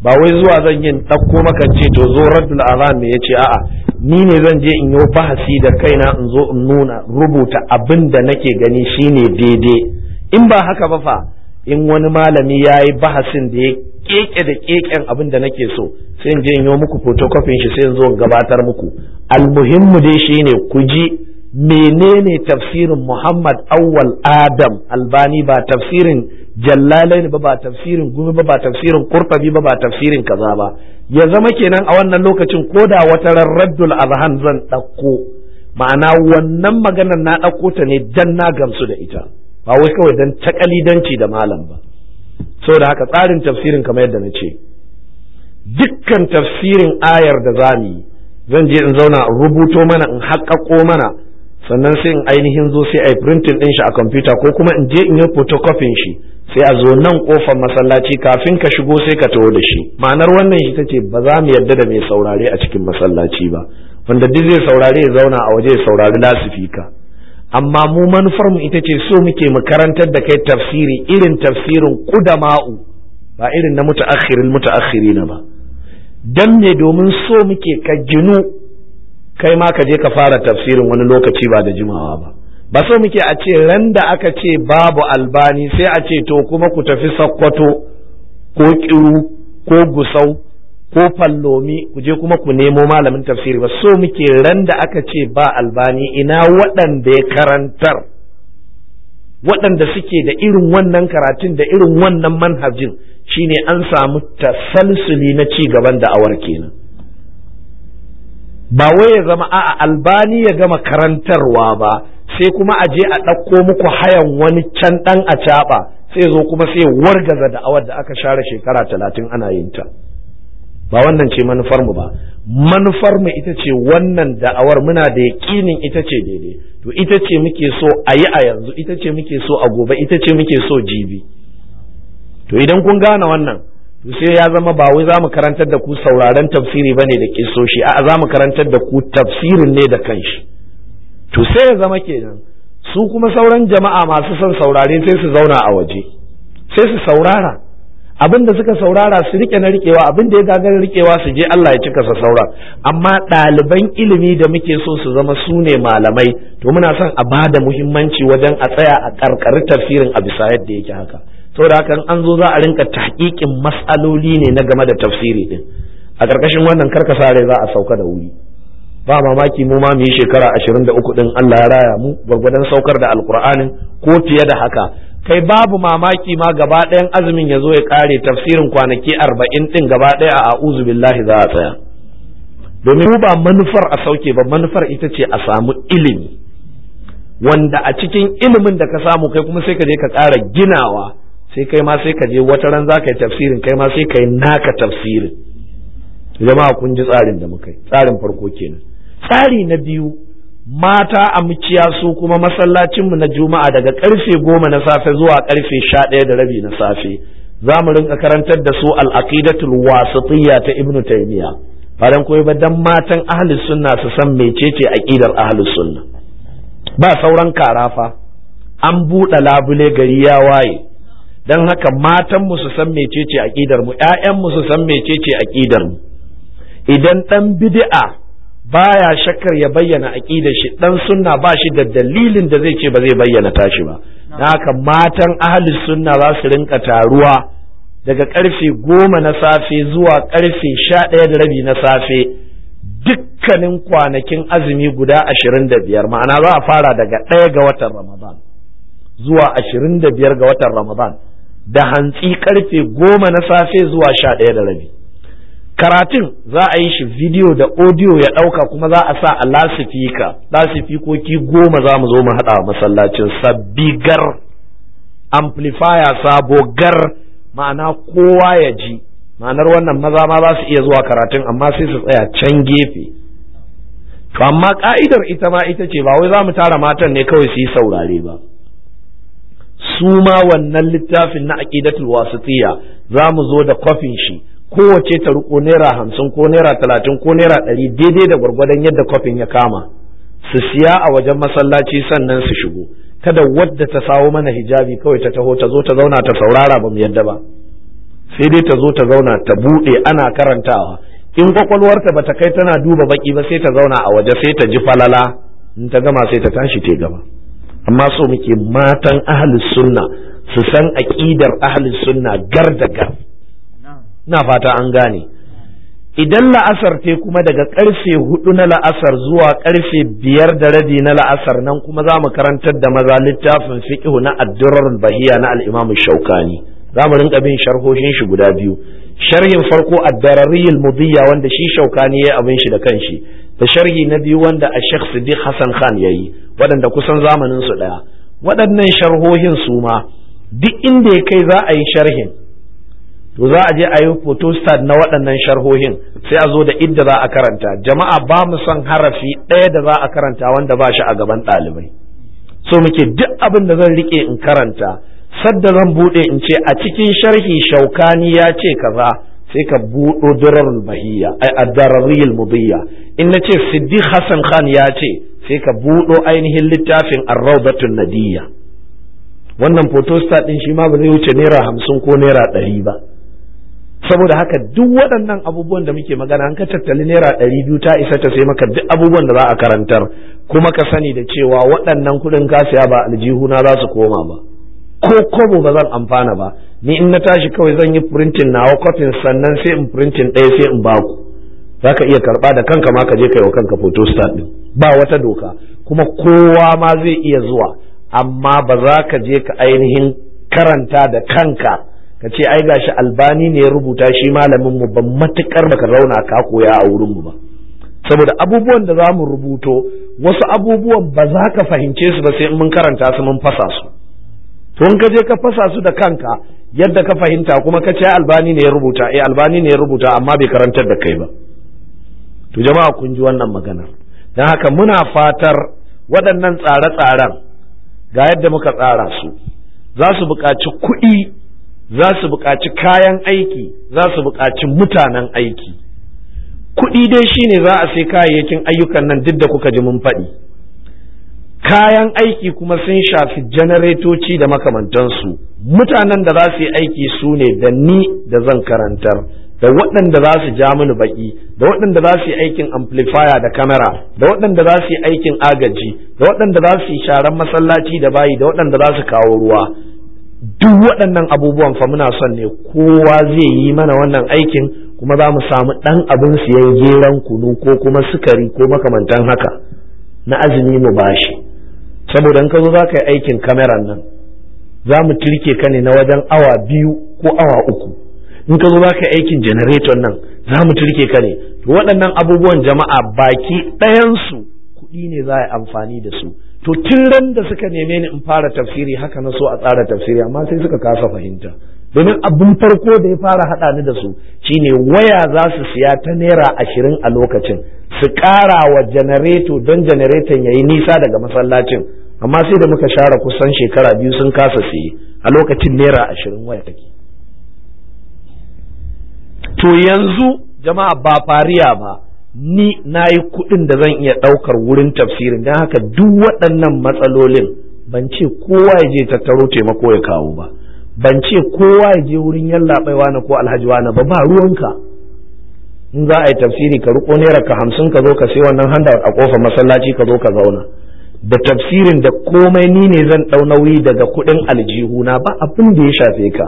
ba wai zuwa zan yin ɗauko maka ce to zo raddul azan me ce a'a ni ne zan je in yi bahasi da kaina in zo in nuna rubuta abin da nake gani shine daidai in ba haka ba fa in wani malami ya yi bahasin da ya keke da keken abin da nake so sai in je in yi muku photocopy shi sai in zo in gabatar muku almuhimmu dai shine ku ji menene tafsirin Muhammad Awwal Adam Albani ba tafsirin Jallalaini ba ba tafsirin Gumi ba ba tafsirin Qurtubi ba ba tafsirin kaza ba ya zama kenan a wannan lokacin koda wata raddul azhan zan ɗauko ma'ana wannan maganar na dauko ta ne dan na gamsu da ita ba wai kawai dan takalidanci da malam ba saboda haka tsarin tafsirin kamar yadda na ce dukkan tafsirin ayar da zamu yi zan je in zauna rubuto mana in haƙaƙo mana sannan sai in ainihin zo sai a yi printing ɗin shi a kwamfuta ko kuma in je in yi photocopying shi sai a zo nan kofar masallaci kafin ka shigo sai ka taho da shi ma'anar wannan shi tace ba za mu yarda da mai saurare a cikin masallaci ba wanda duk zai saurare ya zauna a waje ya saurari lasifika amma mu manufar mu ita ce so muke mu karantar da kai tafsiri irin tafsirin kudama'u ba irin na muta'akhirin muta'akhirina ba dan ne domin so muke ka jinu. kai ma ka je ka fara tafsirin wani lokaci ba da jimawa ba ba so muke a ce ran da aka ce babu albani sai a ce to kuma ku tafi sakkwato ko kiru ko gusau ko fallomi ku je kuma ku nemo malamin tafsiri ba so muke ran da aka ce ba albani ina waɗanda ya karantar waɗanda suke da irin wannan karatun da irin wannan manhajin shine an samu tasalsuli na ci gaban da da'awar kenan ba wai ya zama a'a albani ya gama karantarwa ba sai kuma a je a ɗauko muku hayan wani can ɗan a caɓa sai zo kuma sai wargaza da'awar da aka share shekara talatin ana yin ta ba wannan ce manufarmu ba manufarmu ita ce wannan da'awar muna da yaƙinin ita ce daidai to ita ce muke so a yi a yanzu ita ce muke so a gobe ita ce muke so jibi to idan kun gane wannan to sai ya zama ba wai za mu karantar da ku sauraron tafsiri bane da kisoshi a'a zamu karantar da ku tafsirin ne da kanshi to sai ya zama kenan su kuma sauran jama'a masu son saurare sai su zauna a waje sai su saurara abin da suka saurara su rike na rikewa abin da ya gagara rikewa su je Allah ya cika sa sauran amma ɗaliban ilimi da muke so su zama su ne malamai to muna son a bada muhimmanci wajen a tsaya a karkari tafsirin a bisa yadda yake haka da kan an zo za a rinka tahqiqin mas'aloli ne na game da tafsiri din a karkashin wannan karkasa rai za a sauka da wuri ba mamaki mu ma mu yi shekara 23 din Allah ya raya mu gwargwadon saukar da alqur'anin ko fiye da haka kai babu mamaki ma gaba ɗayan azumin ya zo ya kare tafsirin kwanaki arba'in ɗin, gaba ɗaya a a'uzu billahi za a tsaya domin ba manufar a sauke ba manufar ita ce a samu ilimi wanda a cikin ilimin da ka samu kai kuma sai ka je ka ƙara ginawa sai kai ma sai ka je wata ran za ka yi tafsirin kai ma sai ka yi naka tafsirin jama'a kun ji tsarin da muka yi tsarin farko kenan tsari na biyu mata a muciya su kuma masallacinmu na juma'a daga karfe goma na safe zuwa karfe sha ɗaya da rabi na safe za mu rinka karantar da su al'aqidatul wasitiyya ta ibnu taymiya faran koyi ba dan matan ahli sunna su san mecece aqidar ahli sunna ba sauran karafa an buɗe labule gari ya waye don haka matan mu su san mecece aqidar mu ƴaƴan mu su san mecece aqidar mu idan dan bid'a baya shakkar ya bayyana aqidar shi dan sunna ba shi da dalilin da zai ce ba zai bayyana tashi ba don haka matan ahli sunna za su rinka taruwa daga karfe goma na safe zuwa karfe sha ɗaya da rabi na safe dukkanin kwanakin azumi guda ashirin da biyar ma'ana za a fara daga ɗaya ga watan ramadan zuwa ashirin da biyar ga watan ramadan da hantsi karfe goma na safe zuwa sha ɗaya da rabi karatun za a yi shi video da audio ya ɗauka kuma za a sa a lasifika lasifikoki goma za mu zo mu haɗa masallacin sabbi gar amplifier sabo gar ma'ana kowa ya ji ma'anar wannan maza ma za su iya zuwa karatun amma sai su tsaya can gefe to amma ka'idar ita ma ita ce ba wai za mu tara matan ne kawai su yi saurare ba su ma wannan littafin na aqidatul wasitiya za mu zo da kofin shi kowace ta riko naira hamsin ko naira talatin ko naira ɗari daidai da gwargwadon yadda kofin ya kama su siya a wajen masallaci sannan su shigo kada wadda ta sawo mana hijabi kawai ta taho ta zo ta zauna ta saurara ba mu yadda ba sai dai ta zo ta zauna ta buɗe ana karantawa in kwakwalwarta ba ta kai tana duba baki ba sai ta zauna a waje sai ta ji falala in ta gama sai ta tashi ta gama. amma so muke matan ahli sunna su san aƙidar ahli sunna gar da gar na fata an gane idan la'asar te kuma daga karfe hudu na la'asar zuwa ƙarfe biyar da rabi na la'asar nan kuma za mu karantar da maza littafin fiƙihu na addurar bahiya na al-imam shaukani za mu rinka bin sharhoshin shi guda biyu sharhin farko addarariyul mudiyya wanda shi shaukani ya abin shi da kanshi da sharhi na biyu wanda a Sheikh Siddiq Hassan Khan ya yi waɗanda kusan zamanin su ɗaya waɗannan sharhohin su ma duk inda ya kai za a yi sharhin to za a je a yi photostat na waɗannan sharhohin sai a zo da idda za a karanta jama'a ba mu son harafi ɗaya da za a karanta wanda ba shi a gaban ɗalibai so muke duk abin da zan riƙe in karanta sadda zan buɗe in ce a cikin sharhi shaukani ya ce kaza sai ka buɗo dararul bahiyya ai ad mudiyya in ce siddiq Hassan khan ya ce sai ka buɗo ainihin littafin ar-rawdatun nadiyya wannan photostat din shi ma ba zai wuce naira hamsin ko naira ɗari ba saboda haka duk waɗannan abubuwan da muke magana an ka tattali naira ɗari biyu ta isa ta sai maka duk abubuwan da za a karantar kuma ka sani da cewa waɗannan kuɗin kasiya ba ba aljihuna za su koma ba ko kobo ba zan amfana ba ni in na tashi kawai zan yi printin nawa kofin sannan sai in printin ɗaya sai in baku za ka iya karɓa da kanka ma ka je kai wa kanka photostat ɗin ba wata doka kuma kowa ma zai iya zuwa amma ba za ka je ka ainihin karanta da kanka ka ce ai gashi albani ne ya rubuta shi malamin mu ban matukar baka rauna ka koya a wurin mu ba saboda abubuwan da za mu rubuto wasu abubuwan ba za ka fahimce su ba sai mun karanta su mun fasa su to in ka je ka fasa su da kanka yadda ka fahimta kuma ka ce albani ne ya rubuta eh albani ne ya rubuta amma bai karantar da kai ba to jama'a kun ji wannan magana don haka muna fatar waɗannan tsare-tsaren ga yadda muka tsara su za su buƙaci kuɗi za su buƙaci kayan aiki za su buƙaci mutanen aiki kuɗi dai shine za a sai kayayyakin ayyukan nan duk da kuka ji mun faɗi kayan aiki kuma sun shafi janaretoci da makamantansu mutanen da za su yi aiki su ne da ni da zan karantar da waɗanda za su ja mini baki da waɗanda za su yi aikin amplifier da kamera da waɗanda za su yi aikin agaji da waɗanda za su yi sharan masallaci da bayi da waɗanda za su kawo ruwa duk waɗannan abubuwan fa muna son ne kowa zai yi mana wannan aikin kuma za mu samu ɗan abin siyan geran kunu ko kuma sukari ko makamantan haka na azumi mu bashi saboda in ka zo za ka yi aikin kameran nan za mu kirke ka ne na wajen awa biyu ko awa uku in ka zo za ka yi aikin janareton nan za mu kirke ka ne waɗannan abubuwan jama'a baki ɗayansu kuɗi ne za a yi amfani da su to tun ran da suka neme ni in fara tafsiri haka na so a tsara tafsiri amma sai suka kasa fahimta domin abin farko da ya fara haɗa ni da su shine waya za su siya ta naira ashirin a lokacin su ƙara wa janareto don janareton ya yi nisa daga masallacin amma sai da muka share kusan shekara biyu sun kasa siye a lokacin naira ashirin waya take to yanzu jama'a ba fariya ba ni na yi kuɗin da zan iya ɗaukar wurin tafsirin don haka duk waɗannan matsalolin ban ce kowa ya je tattaro taimako ya kawo ba ban ce kowa ya je wurin yallaɓaiwa na ko alhaji na ba ba ruwanka in za a yi tafsiri ka riƙo naira ka hamsin ka zo ka sai wannan handa a kofar masallaci ka zo ka zauna da tafsirin da komai ni ne zan ɗau nauyi daga kuɗin aljihu na ba abin da ya shafe ka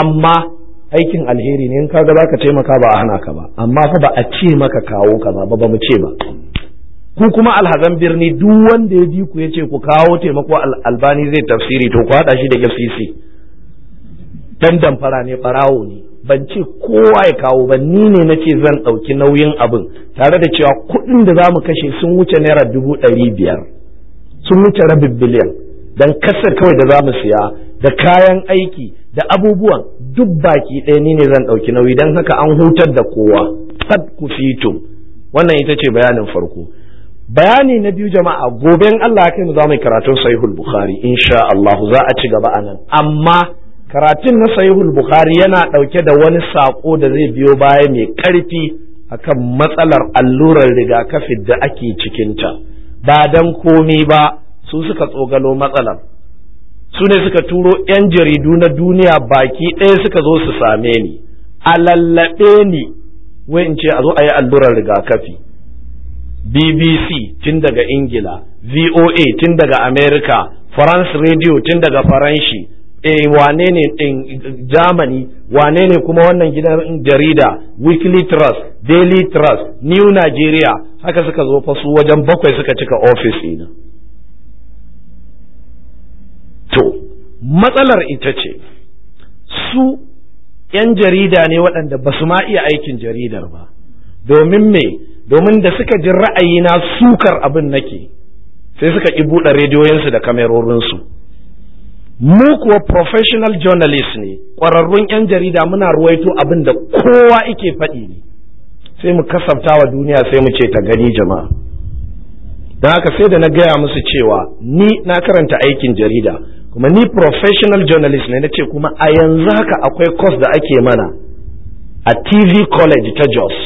amma aikin alheri ne in ka ga ka taimaka ba a hana ka ba amma fa ba a ce maka kawo ka ba ba mu ce ba ku kuma alhazan birni duk wanda ya ji ku ya ce ku kawo taimako albani zai tafsiri to ku haɗa shi da FCC dan damfara ne ɓarawo ne ban ce kowa ya kawo ba ni ne na ce zan ɗauki nauyin abin tare da cewa kuɗin da za mu kashe sun wuce naira dubu ɗari biyar sun wuce rabin biliyan don kasar kawai da za mu siya da kayan aiki da abubuwan duk baki ɗaya ni ne zan ɗauki nauyi don haka an hutar da kowa kad ku fito wannan ita ce bayanin farko bayani na biyu jama'a gobe in Allah kai mu za mu karatun sahihul bukhari insha Allah za a ci gaba anan amma karatun na sahihul bukhari yana ɗauke da wani sako da zai biyo baya mai karfi akan matsalar allurar rigakafin da ake cikinta ba dan komi ba su suka tsogalo matsalar su ne suka turo 'yan jaridu na duniya baki ɗaya suka zo su same ni a lallaɓe ni wai in ce a zo a yi allurar rigakafi bbc tun daga ingila voa tun daga america france radio tun daga faranshi eh wane ne din Germany wane ne kuma wannan gidan jarida Weekly Trust Daily Trust New Nigeria haka suka zo fa su wajen bakwai suka cika office ina to matsalar ita ce su 'yan jarida ne waɗanda ba su ma iya aikin jaridar ba domin me domin da suka ji na sukar abin nake sai suka ƙi buɗe rediyoyinsu da kamerorinsu mu kuwa professional journalist ne ƙwararrun 'yan jarida muna ruwaito abin da kowa ike faɗi ne sai mu kasafta wa duniya sai mu ce ta gani jama'a don haka sai da na gaya musu cewa ni na karanta aikin jarida kuma ni professional journalist ne na ce kuma a yanzu haka akwai course da ake mana a tv college ta jos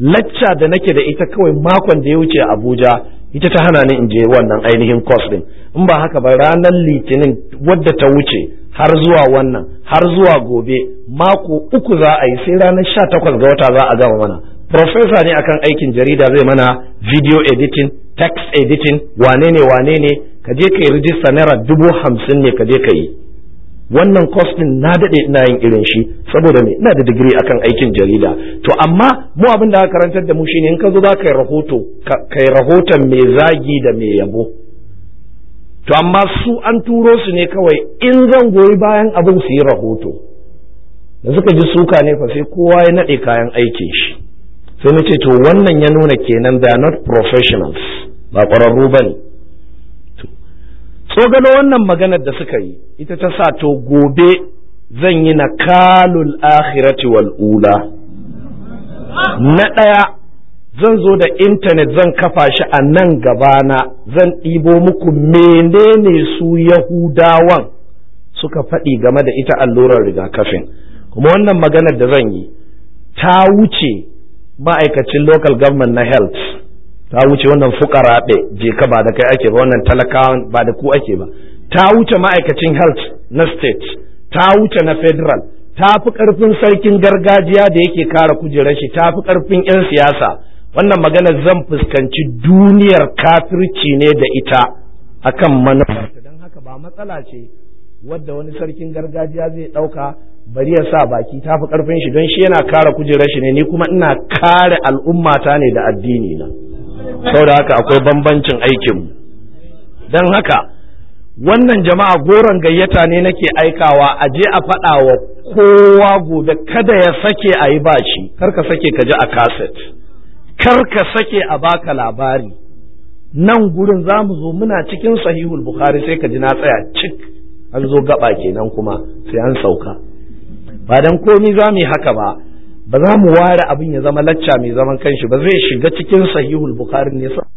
lacca da nake da ita kawai makon da ya wuce abuja ita ta hana ni in je wannan ainihin course din in ba haka ba ranar litinin wadda ta wuce har zuwa wannan har zuwa gobe mako uku za a yi sai ranar sha takwas ga wata za a gama mana Profesa ne akan aikin jarida zai mana video editing text editing wane ne wane ne ka je ka yi rijista naira dubu hamsin ne ka je ka yi wannan kwas din na daɗe ina yin irin shi saboda me ina da digiri akan aikin jarida to amma mu abin da aka karantar da mu shine in ka zo za ka yi rahoto ka yi rahoton mai zagi da mai yabo to amma su an turo su ne kawai in zan goyi bayan abin su yi rahoto da suka ji suka ne fa sai kowa ya nade kayan aikin shi sai na ce to wannan ya nuna kenan they are not professionals ba ƙwararru ba gano wannan maganar da suka yi ita ta sa to gobe zan yi na kalul akhirati wal ula na ɗaya zan zo da intanet zan kafa shi a nan gabana zan ɗibo muku menene su yahudawan suka faɗi game da ita allurar rigakafin kuma wannan maganar da zan yi ta wuce ma'aikacin local government na health ta wuce wannan fukara ɗe je ka ba da kai ake ba wannan talakawa ba da ku ake ba ta wuce ma'aikacin health na state ta wuce na federal ta fi ƙarfin sarkin gargajiya da yake kara kujerar shi ta fi ƙarfin 'yan siyasa wannan magana zan fuskanci duniyar kafirci ne da ita akan manufarta don haka ba matsala ce wadda wani sarkin gargajiya zai ɗauka bari ya sa baki ta fi ƙarfin shi don shi yana kare kujerar shi ne ni kuma ina kare al'ummata ne da addini na. saboda haka akwai bambancin aikinmu don haka wannan jama'a goron gayyata ne nake aikawa a je a faɗa wa kowa gobe kada ya sake a yi bashi kar ka sake ka ji a kaset kar ka sake a baka labari nan gurin za mu zo muna cikin sahihul bukhari sai ka ji na tsaya cik an zo gaba kenan kuma sai an sauka ba dan komi za mu yi haka ba ba za mu ware abin ya zama lacca mai zaman kanshi ba zai shiga cikin sahihul bukhari ne